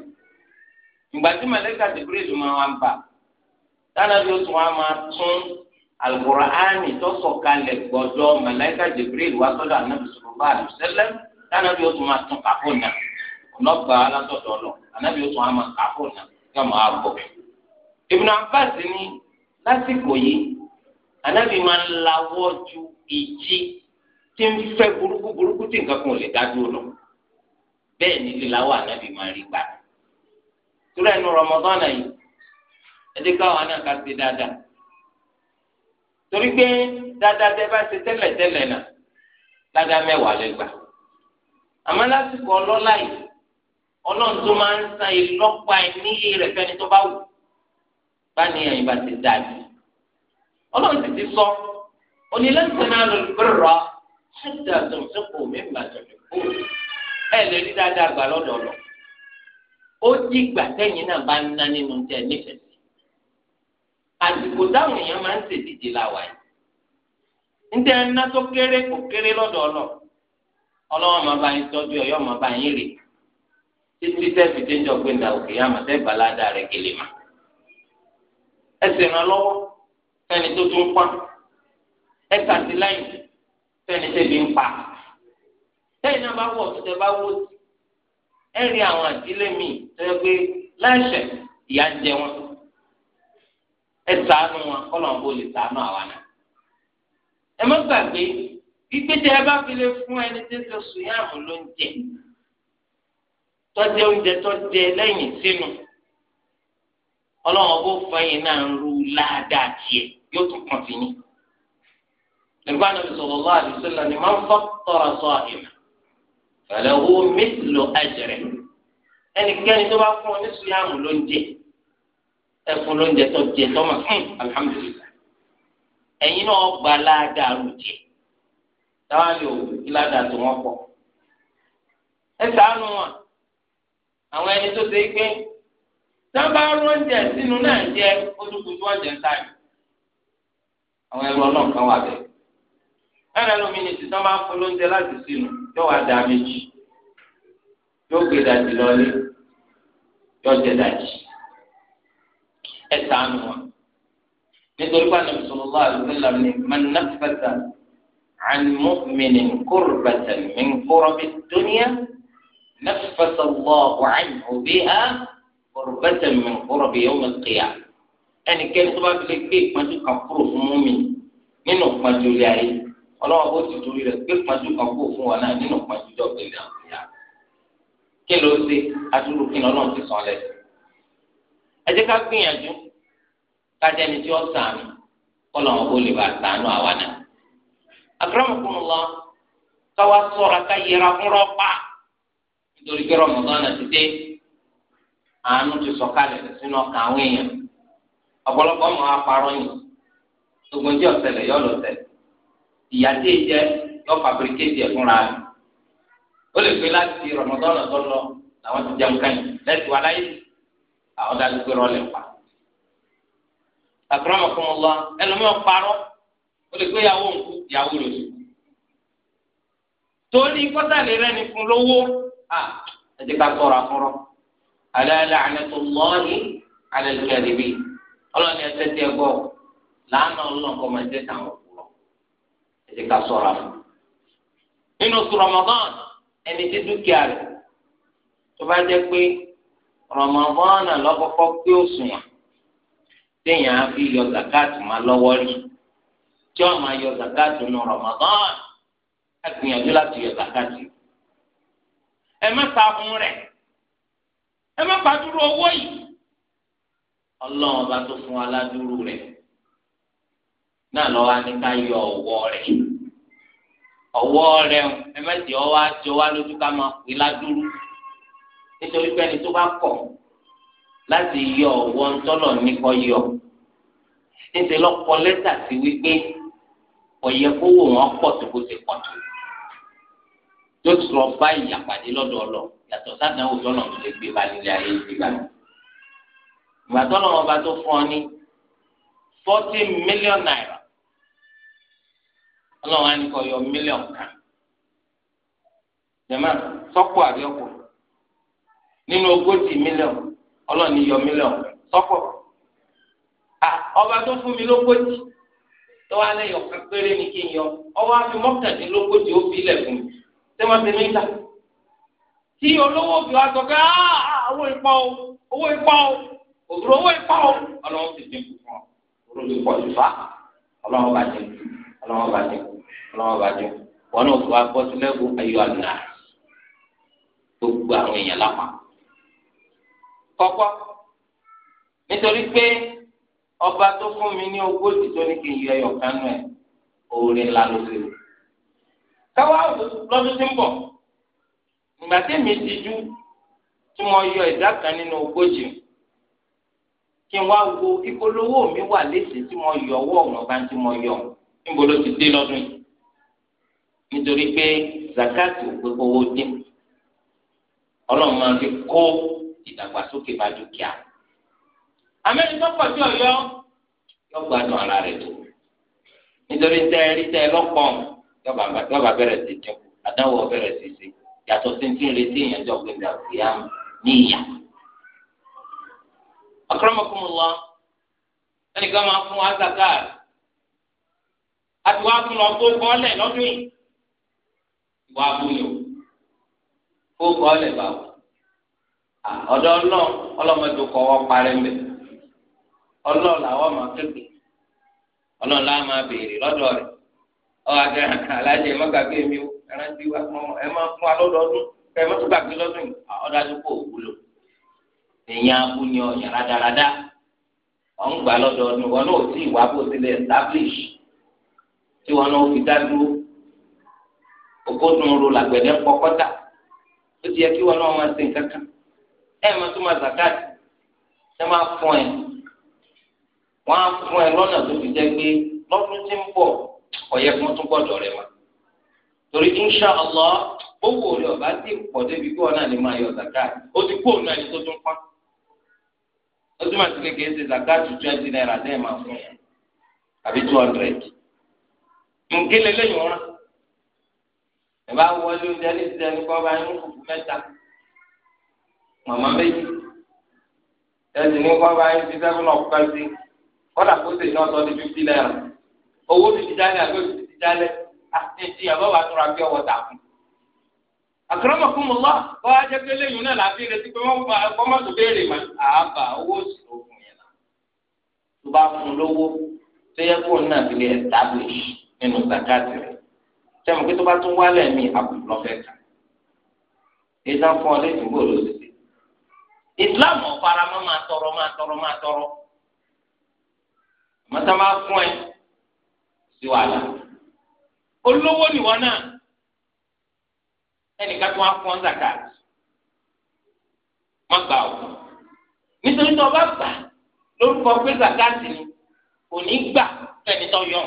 ìgbà tí màlẹ́kà Jibril máa wá ń bà á kánábí oṣù wa máa tún alukóraani tó sọ̀kalẹ̀ gbọ́dọ̀ màláíkà jibril wa sọ́dọ̀ anabi sallallahu alaihi wasallam kánábí oṣù máa tún kàfó náà ọlọgba alátọdọ lọ anabi oṣù wa máa kàfó náà yóò máa bọ Ibn Abbas ni lásìkò yìí anabi máa ń lawọ́ ju ìjì tí ń fẹ́ burúkú burúkú tí nǹkan kan ò lè dá lọ bẹ́ẹ̀ ni lílawọ́ anabi máa rí gbà. turẹ̀ nu Ramadan yìí ẹdí káwọn náà ká ṣe dáadáa torí pé dáadáa tẹ bá ṣe tẹ́lẹ̀ tẹ́lẹ̀ náà dáadáa mẹ́wàá lè gbà àmọ́ lásìkò ọlọ́lá yìí ọlọ́run tó máa ń san ìlọ́pa ìníyì rẹ̀ fẹ́ni tó bá wù bá ní ẹ̀yìn bá ti dáa jù ọlọ́run sì ti sọ onílẹ̀sẹ̀ náà ló bẹ̀rẹ̀ rọ ṣẹ́dá tòmísẹ́kù mẹ́fà tòmísẹ́kù ẹ̀ lè rí dáadáa gbà lọ́dọọlọ ó dìgbà tẹ́yìn náà bá ń ná nínú tẹ nífẹ̀ẹ́ àsìkò táwọn èèyàn máa ń ṣèdíje láwa yìí níta ẹná tó kéré kò kéré lọ́dọ̀ ọlọ ọlọ́wọ́n máa bá yín tọ́jú ọ̀yọ́ máa bá yín rè títí tẹ́sí déjọ́ pé ní àwòké yá màtẹ́ ìbàládà rẹ̀ gèlè mà ẹsẹ̀ ràn lọ́wọ́ fẹ́ni tó tún pa ẹ̀ka sí láyìn fẹ́ni tẹ́bi ń pa tẹ́yìn náà bá wọ̀ tó tẹ́ bá wó ẹ̀rí àwọn àdílé míì tó yẹ pé ìyá jẹ wọn ẹ ṣàánú wọn kọ́lọ̀ ń bò lè ṣàánú àwa náà. ẹ má gbàgbé gbígbé tẹ ẹ bá fi lè fún ẹni tí ń sọ sùyàmù ló ń jẹ tọ́jẹ́ oúnjẹ tọ́jẹ́ lẹ́yìn sínú ọlọ́run bó fẹ́yìn náà ń ru ládàá tiẹ̀ yóò tún kàn sí ní. nígbà náà fi sọ̀rọ̀ lọ́wọ́ àdìsílẹ̀ ni máa ń fọ́ tọ́ra sọ àìmọ̀ pẹ̀lú owó mélòó ẹ̀jẹ̀rẹ̀ ẹnikẹ́ni tó bá fún ọ ní sùyàmù ló ń jẹ́ ẹkùn lóúnjẹ tó jẹ tọmọ ọ hmm, ẹ̀yin náà gba ládàá rújẹ táwọn yóò kí ládàá tó wọn pọ̀ ẹ sànù wọn àwọn ẹni tó ṣe é pé sábà rúnjẹ sínú náà jẹ olùkùtù ọjà táyì àwọn ẹrù wà bẹ́ẹ̀ fún lóúnjẹ láti sínú yóò wá dá méjì yóò gbé yóò jẹ ẹ̀sánù wọn. nítorí pé àná sallallahu alaihi wasallam ni man nafasa an mu'minin kurbatan min kurabi dunya nafasa Allahu anhu biha kurbatan min kurabi yawm al-qiyamah. ẹnikẹ́ni tó bá fi lè gbé ìpọ́njú kan kúrò fún mọ́mí nínú ìpọ́njú ilé ayé ọlọ́wọ́ bó ti torí rẹ̀ gbé ìpọ́njú kan kúrò fún wa náà nínú ìpọ́njú jọ̀gbìn náà. kí ló ṣe adúlù kí ni ọlọ́run ti sọ lẹ́sìn. ẹ jẹ́ ká gbìyànjú ká jẹ́ni tí ó sàánù kọ́lọ̀ wọn lè bá sàánù àwa náà. akramakumullah káwa sọ̀ra ká yẹra fúnra pa nítorí pé Ramadan ti dé àánú ti sọ̀kalẹ̀ sínú ọkàn àwọn èèyàn ọmọ yìí yọ ìyá tí yọ fúnra ó lè láti tó lọ làwọn ti jẹun àwọn dájú pé rọlẹ̀ pa. àkàrà ọmọkùnrin wọn lọ ẹlòmíràn parọ́ ó lè gbé ìyàwó òǹkú ìyàwó rẹ̀ sùn. torí kọ́tàlẹ́ rẹ ni lówó ẹ jẹ́ ká tọrọ àfọ́rọ́ ala ànẹ́tò lọ́ọ̀nì ala ọlọ́ni ẹsẹ̀ tiẹ̀ gbọ́ làánà máa jẹ́ táwọn ká nínú ẹni tí dúkìá tó bá jẹ́ pé rọmọbọ́nà lọ́kọ́kọ́ pé òṣùwọ̀n téèyàn á fi yọ zakat má lọ́wọ́ rí tí wọ́n máa yọ zakat nù rọmọbọ́nà á gbìyànjú láti yọ zakat yìí. ẹ má ta fún rẹ̀ ẹ má gbàdúrú owó yìí ọlọ́run ọba tó fún wa ládùúrú náà lọ́wọ́ á ní ká yọ ọwọ́ rẹ̀ ọwọ́ rẹ̀ ẹ má jẹ́ ọwọ́ àjọ wa lójú ká máa pè ládùúrú nítorí pé ẹni tó bá kọ̀ láti yọ ọ̀wọ́ ntọ́lọ̀ nìkan yọ níṣẹ́ lọ́kọ lẹ́tà sí wípé ọ̀yẹ kówó wọn pọ̀ tó kó ṣe pọ̀ tó tó sọ bá ìyàpàdé lọ́dọ̀ ọlọ yàtọ̀ sádàáwò tọ́lọ̀ tó lè gbé balẹ̀ ayé ìgbà ìgbà tọ́lọ̀ wọn bá tó fún ọ ní forty million naira ọlọ́run á ní kọ́ yọ mílíọ̀n kan jẹ̀mọ́ sọ́kù àbí ọkùnrin nínú ogójì mílíọ̀nù ọlọ́run yọ mílíọ̀nù sọ́pọ̀ ọba tó fún mi lógójì tó wá lẹ́yìn ọ̀kan ni kí n yọ ọwọ́ àfi mọ́kàndínlógójì ó fi ilẹ̀ fún mi tí wọ́n ti mí ta tí olówó fi wá sọ pé owó ìpọ́ o owó ìpọ́ o òdúró owó ìpọ́ o ọlọ́run ti dín kù fún ọ olórí ìpọ̀ ti fa ọlọ́run bá dín ọlọ́run bá dín ọlọ́run bá dín wọn náà fi wá bọ́ sílẹ̀ kó ayọ̀ àná gbogbo àwọn èèyàn lápapọ̀ kọ́kọ́ nítorí pé ọba tó fún mi ní ogójì tó ní kí n yọ ẹyọ kan nù ẹ oore ńlá ló ṣe káwá lọ́dún tí ń bọ̀ ìgbà tí mi ti jú tí mo yọ ìdá kan nínú ogójì kí n wá wo ìpolówó mi wà lẹ́sìn tí mo yọ ọwọ́ ọ̀nà bá ń tí mo yọ níbo ló ti dé lọ́dún yìí nítorí pé zakati ò owó dín ọlọ́run máa fi kó ìdàgbàsókè bá dúkìá. àmẹ́rin tó pọ̀ sí ọ̀yọ́ yóò gbádùn ara rẹ̀ tó nítorí tẹ́ ẹ rí ẹ lọ́pọ̀ yọba bẹ̀rẹ̀ sí jẹ́ adáwọ̀ bẹ̀rẹ̀ sí ṣe yàtọ̀ sí ti ń retí ìyànjọ́ pé ní àgbéyà ní ìyà. akramakumullah ẹnìkan máa fún wa zakat àti lọ lọ́dún yìí ìwà abúlé o ọ̀dọ̀ ọlọ́run ọlọ́mọdé kọ́ wọ́n parí mbẹ́ làwọn máa kéde ọlọ́run làwọn máa béèrè alájẹ mi ó ẹrántí wa ẹ máa fún wa ẹ gbàgbé yìí kò wúlò èèyàn gbà wọn náà tí ìwà bó tilẹ̀ establish tí wọn náà fi dá dúró ro làgbẹ̀dẹ̀ pọkọ́tà ó ti yẹ kí wọn náà máa ẹ máa tún máa zakat ẹ máa fún ẹ wọn á fún ẹ lọ́nà tó fi jẹ́ pé lọ́dún tí ń bọ̀ ọ̀yẹ́ fún tún gbọ́dọ̀ rẹ ma torí insha allah owó rẹ ọba ti pọ̀ débi kí wọn náà lè máa yọ zakat ó ti kú òun náà ní tó tún pa ó tún máa ti kékeré ṣe zakat twenty naira dẹ́ máa fún yẹn àbí two hundred nkele lẹ́yìn ọ̀ràn ẹ bá wọlé oúnjẹ ní ìsẹ́ni kọ́ bá yín fùfú mẹ́ta màmá méjì ẹsì ní kọ́ba yín ti sẹ́fún ọ̀pá sí kọ́dà kó sèé náà tọ́ di fífi náírà owó ti ti jálẹ̀ àbí òsì ti jálẹ̀ àti ti àbá wa tó ra bí ọwọ́ tà fún. àkàràmọ̀ fún mi lọ kọ́ ajẹ́ pé lẹ́yìn náà láti retí pé wọ́n bá ọkọ mọ́tò béèrè mà àbá owó sì ló fún yẹn náà. tó bá fún un lówó tó yẹ kó náà fi lè establish nínú zakati rẹ̀ tó bá tún wálẹ̀ mi àbùkù lọ́fẹ̀ẹ́ kan. ìdánfọ́ lẹ́yìn bò ló islam ọ̀faramọ́ máa tọrọ máa tọrọ máa tọrọ mọ́tà máa fún ẹ sí wàhálà olówó nìwọ náà ẹnìkan tó wá fún ọ zakat má gbà ó nítorí tó o bá gbà lórúkọ pé zakat ni kò ní gbà kẹ́ni tó yọ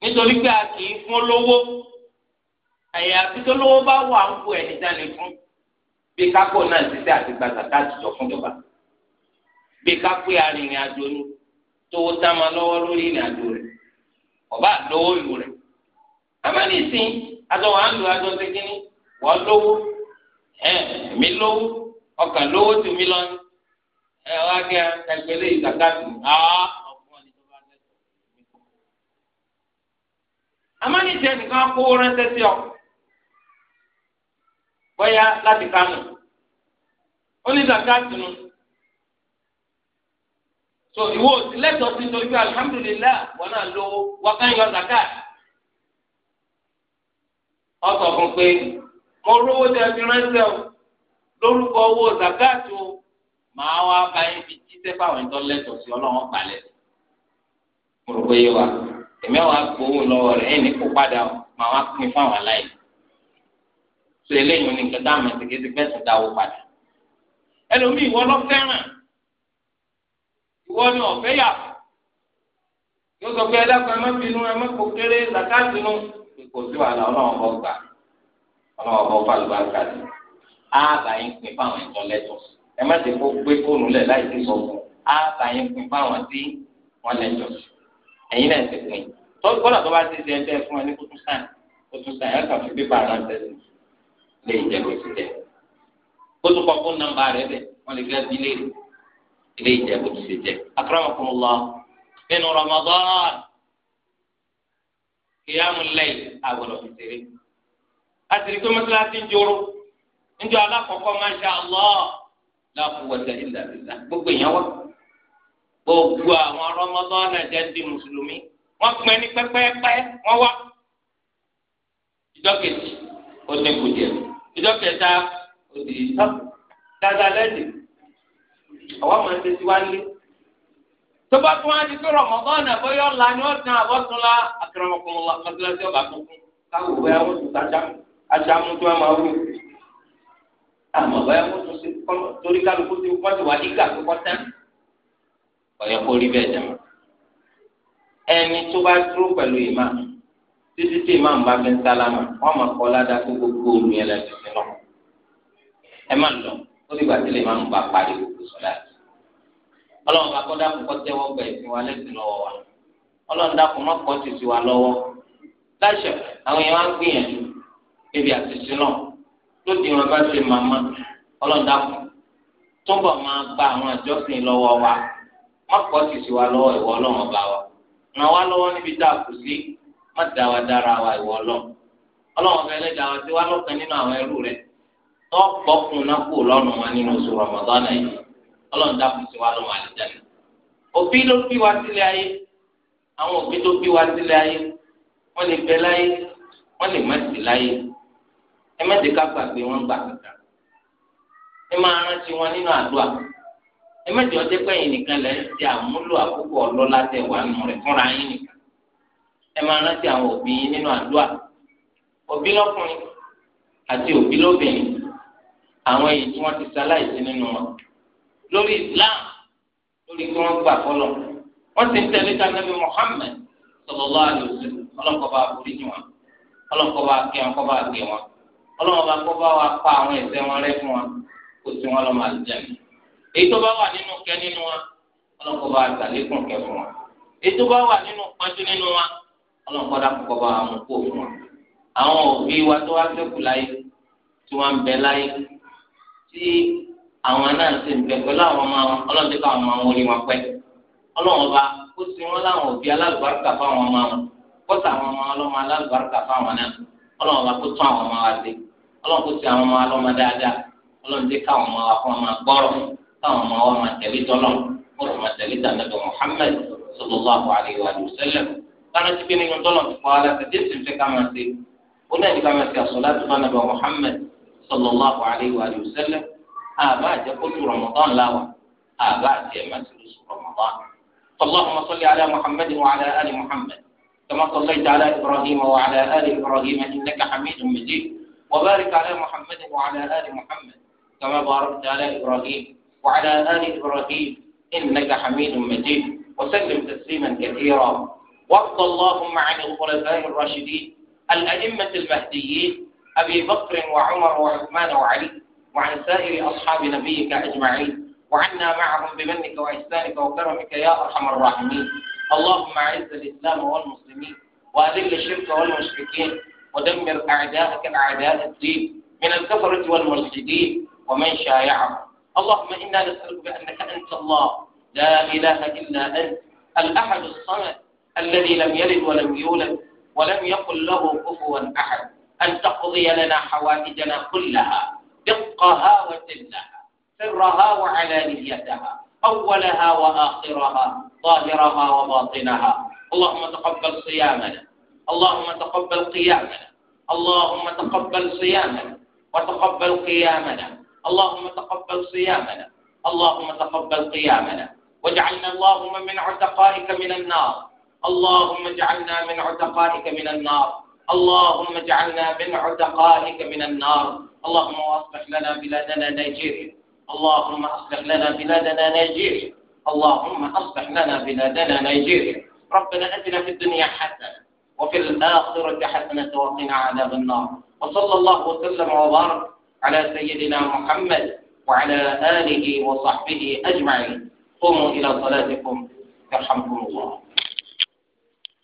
nítorí pé a kì í fún lówó àyàfi tó lówó bá wà ń bu ẹnìkan lè fún. bí na náà ti sẹ́ àti gba zakat jọ fún ìjọba bí kápò arìnrìn àjò ni tówó táma lọ́wọ́ lórí ọba àlówó ìlú rẹ̀ amẹ́ni sìn adọ́wọ́ àlò adọ́ ṣẹ́kínní wọ́n lówó ẹ̀ lówó ọkàn lówó tì mí wá kí ẹ ẹgbẹ́lẹ́ ọ̀gbọ́n ọ. bọ́yá láti kánò ó ní zakati nu so ìwọ lẹ́tọ̀ọ́ sí nítorí pé alihamudulilayi wọn náà lówó wọn kàn yọ zakati ọsọ fún pé mo rówó tẹ fi ránṣẹ́ o lórúkọ owó zakati o màá wá bá yín fi jíṣẹ́ fáwọn ẹni tó lẹ́tọ̀ọ́ sí Ọlọ́run balẹ̀ mo rò pé yé wa èmi àwọn agbowó lọ́wọ́ rẹ̀ ẹni kó padà màá wá pín fáwọn aláìní so eléyìí ní nǹkan táwọn ẹ̀sìn kìí ti fẹ́sùn dáwó padà ẹlòmíì ìwọ lọ fẹ́ràn ìwọ ni ọ̀fẹ́ yà yóò sọ pé ẹlẹ́kọ̀ọ́ ẹ má bínú ẹ má kó kéré zakati nu kò sí wàhálà ọlọ́wọ́n bọ́ gbà ọlọ́wọ́n bọ́ fàlùbá gbà sí ààbà yín pin fáwọn ẹ̀jọ́ lẹ́tọ̀ ẹ má ti kó gbé fóònù lẹ̀ láì sí sọ fún ààbà yín pin fáwọn tí wọ́n lẹ́tọ̀ ẹ̀yin náà ti pin tọ́jú kọ́dà tó bá ti di ẹgbẹ́ fún ẹ ní kótó sáà kótó sáà ẹ̀ kà fi pépà ránṣẹ́ sí lè jẹ bó ti jẹ kó tó kọ fún nọ́mbà rẹ bẹ wọn lè fi ẹbí lè lè jẹ bó ti ṣe jẹ akramakumullah nínú Ramadan kìyàmù lẹ́yìn àgbọdọ fi ṣeré àtìrí ma mọ́tíláṣí joro masha Allah gbogbo gbogbo àwọn Ramadan mùsùlùmí ní wa. ìjọ kẹta òdì ìtọ́kù dáadáa lẹ́yìn àwọn ọmọ ẹgbẹ́ ti wá lé tó bá tún wá di pé rọmọgán àbọyọ ńlá ni wọn tán àbọtúnlá àtúrọmọkùnrin mọtòlásí ọba tuntun káwọ bóyá wọn tún aṣáájú tí wọn máa wú àmọ́ bóyá wọn tún sí torí kálukú tí wọn ti wà nígbà tó kọ tán ọyọ kó rí bẹ́ẹ̀ jẹun ẹni tó bá dúró pẹ̀lú ìmáà títí tí ìmáàmù bá fi ń sálámà wọ́n máa kọ́ ládàá tó gbogbo omi ẹlẹ́sìn sí náà ẹ má lọ ó dìgbà tí ìmáàmù bá parí gbogbo sọ́lá ọlọ́run bá kọ́ dákun kọ́ tẹ́wọ́ gbẹ̀ sí wa lẹ́sìn lọ́wọ́ wa ọlọ́run dákun má kọ́ ti sí wa lọ́wọ́ láṣẹ àwọn èèyàn á gbìyànjú ebi àtìsí náà lóde wọn bá ṣe màmá ọlọ́run dákun túbọ̀ máa gba àwọn àjọsìn lọ́wọ́ wa má kọ́ ti sí wa lọ́wọ́ ìwọ ọlọ́run bá wa ràn wá lọ́wọ́ níbi tá a kù sí má da wa dára wa ìwọ lọ ọlọ́run ọbẹ ẹlẹ́dàá wa ti wá lọ́kàn nínú àwọn ẹrú rẹ tó pọkùn náà kú lọ́rùn wa nínú oṣù rọmọdánà yìí ọlọ́run dákun sí wa lọ́mọ àlìjáde òbí ló bí wa ayé bẹ láyé lè má sí láyé ẹ má ti ká gbàgbé wọn gbà kankan ẹ máa rántí wọn nínú àdúrà ẹ má pẹ́yìn ẹ máa rántí àwọn òbí yín nínú àdúrà òbí lọ́kùnrin àti òbí lóbìnrin àwọn èyí tí wọ́n ti ṣaláìsí nínú wọn lórí Islam lórí kí wọ́n gbà fọlọ́ wọ́n ti ń tẹ̀lé tàbí Muhammad sallallahu alaihi wasallam ọlọ́kọ̀ọ́ba àforíjì wọn ọlọ́kọ̀ọ́ba akẹ́ wọn kọ́ba àgbẹ̀ wọn ọlọ́mọba kọ́ba wa pa àwọn ẹ̀ṣẹ̀ wọn rẹ́ fún wa kó tí wọ́n lọ́mọ àlùjáde èyí tó bá wà nínú kẹ́ nínú wa ọlọ́kọ̀ọ́ba àgbàlẹ́kùn kẹ́ fún wa èyí tó bá wà nínú pọ́njú nínú wa ọlọ́run kọ́ dákun kọ́ bá wa mú kó fún wa àwọn òbí wa tó wá sẹ́kù láyé tí wọ́n ń bẹ láyé tí àwọn náà sì ń bẹ pẹ̀lú àwọn ọmọ wọn ọlọ́run ti kọ́ àwọn ọmọ wọn rí wọn pẹ́ ọlọ́run ọba ó sì wọ́n láwọn òbí alálùbáríkà fáwọn ọmọ wọn kọ́sà àwọn ọmọ ọlọ́mọ alálùbáríkà fáwọn náà ọlọ́run ọba kó tún àwọn ọmọ wa sí ọlọ́run kó ti àwọn ọmọ alọ́mọ dáadáa ọlọ́run káwọn ọmọ wa fún ọmọ kárántì pé nínú tọ́lọ̀ ti pa ara tẹ̀tí èsì fẹ́ ká máa ṣe ó náà ní ká máa ṣe àsọ̀láàtì fún anábà Muhammad sallallahu alayhi wa sallam àbá àjẹkótó Ramadan láwà àbá àti ẹ̀ma ti lóṣù Ramadan. اللهم صل على محمد وعلى آل محمد كما صليت على إبراهيم وعلى آل إبراهيم إنك حميد مجيد وبارك على محمد وعلى آل محمد كما باركت على إبراهيم وعلى آل إبراهيم إنك حميد مجيد وسلم تسليما كثيرا وارض اللهم عن الخلفاء الراشدين الأئمة المهديين أبي بكر وعمر وعثمان وعلي وعن سائر أصحاب نبيك أجمعين وعنا معهم بمنك وإحسانك وكرمك يا أرحم الراحمين اللهم أعز الإسلام والمسلمين وأذل الشرك والمشركين ودمر أعداءك أعداء الدين من الكفرة والملحدين ومن شايعهم اللهم إنا نسألك بأنك أنت الله لا إله إلا أنت الأحد الصمد الذي لم يلد ولم يولد ولم يقل له كفوا أحد أن تقضي لنا حوائجنا كلها دقها وسلها سرها وعلانيتها أولها وآخرها ظاهرها وباطنها اللهم تقبل صيامنا اللهم تقبل قيامنا اللهم تقبل صيامنا وتقبل قيامنا اللهم تقبل صيامنا اللهم تقبل قيامنا واجعلنا اللهم من عتقائك من النار اللهم اجعلنا من عتقائك من النار اللهم اجعلنا من عتقائك من النار اللهم اصلح لنا بلادنا نيجيريا اللهم اصلح لنا بلادنا نيجيريا اللهم اصلح لنا بلادنا نيجيريا ربنا اتنا في الدنيا حسنه وفي الاخره حسنه وقنا عذاب النار وصلى الله وسلم وبارك على سيدنا محمد وعلى اله وصحبه اجمعين قوموا الى صلاتكم يرحمكم الله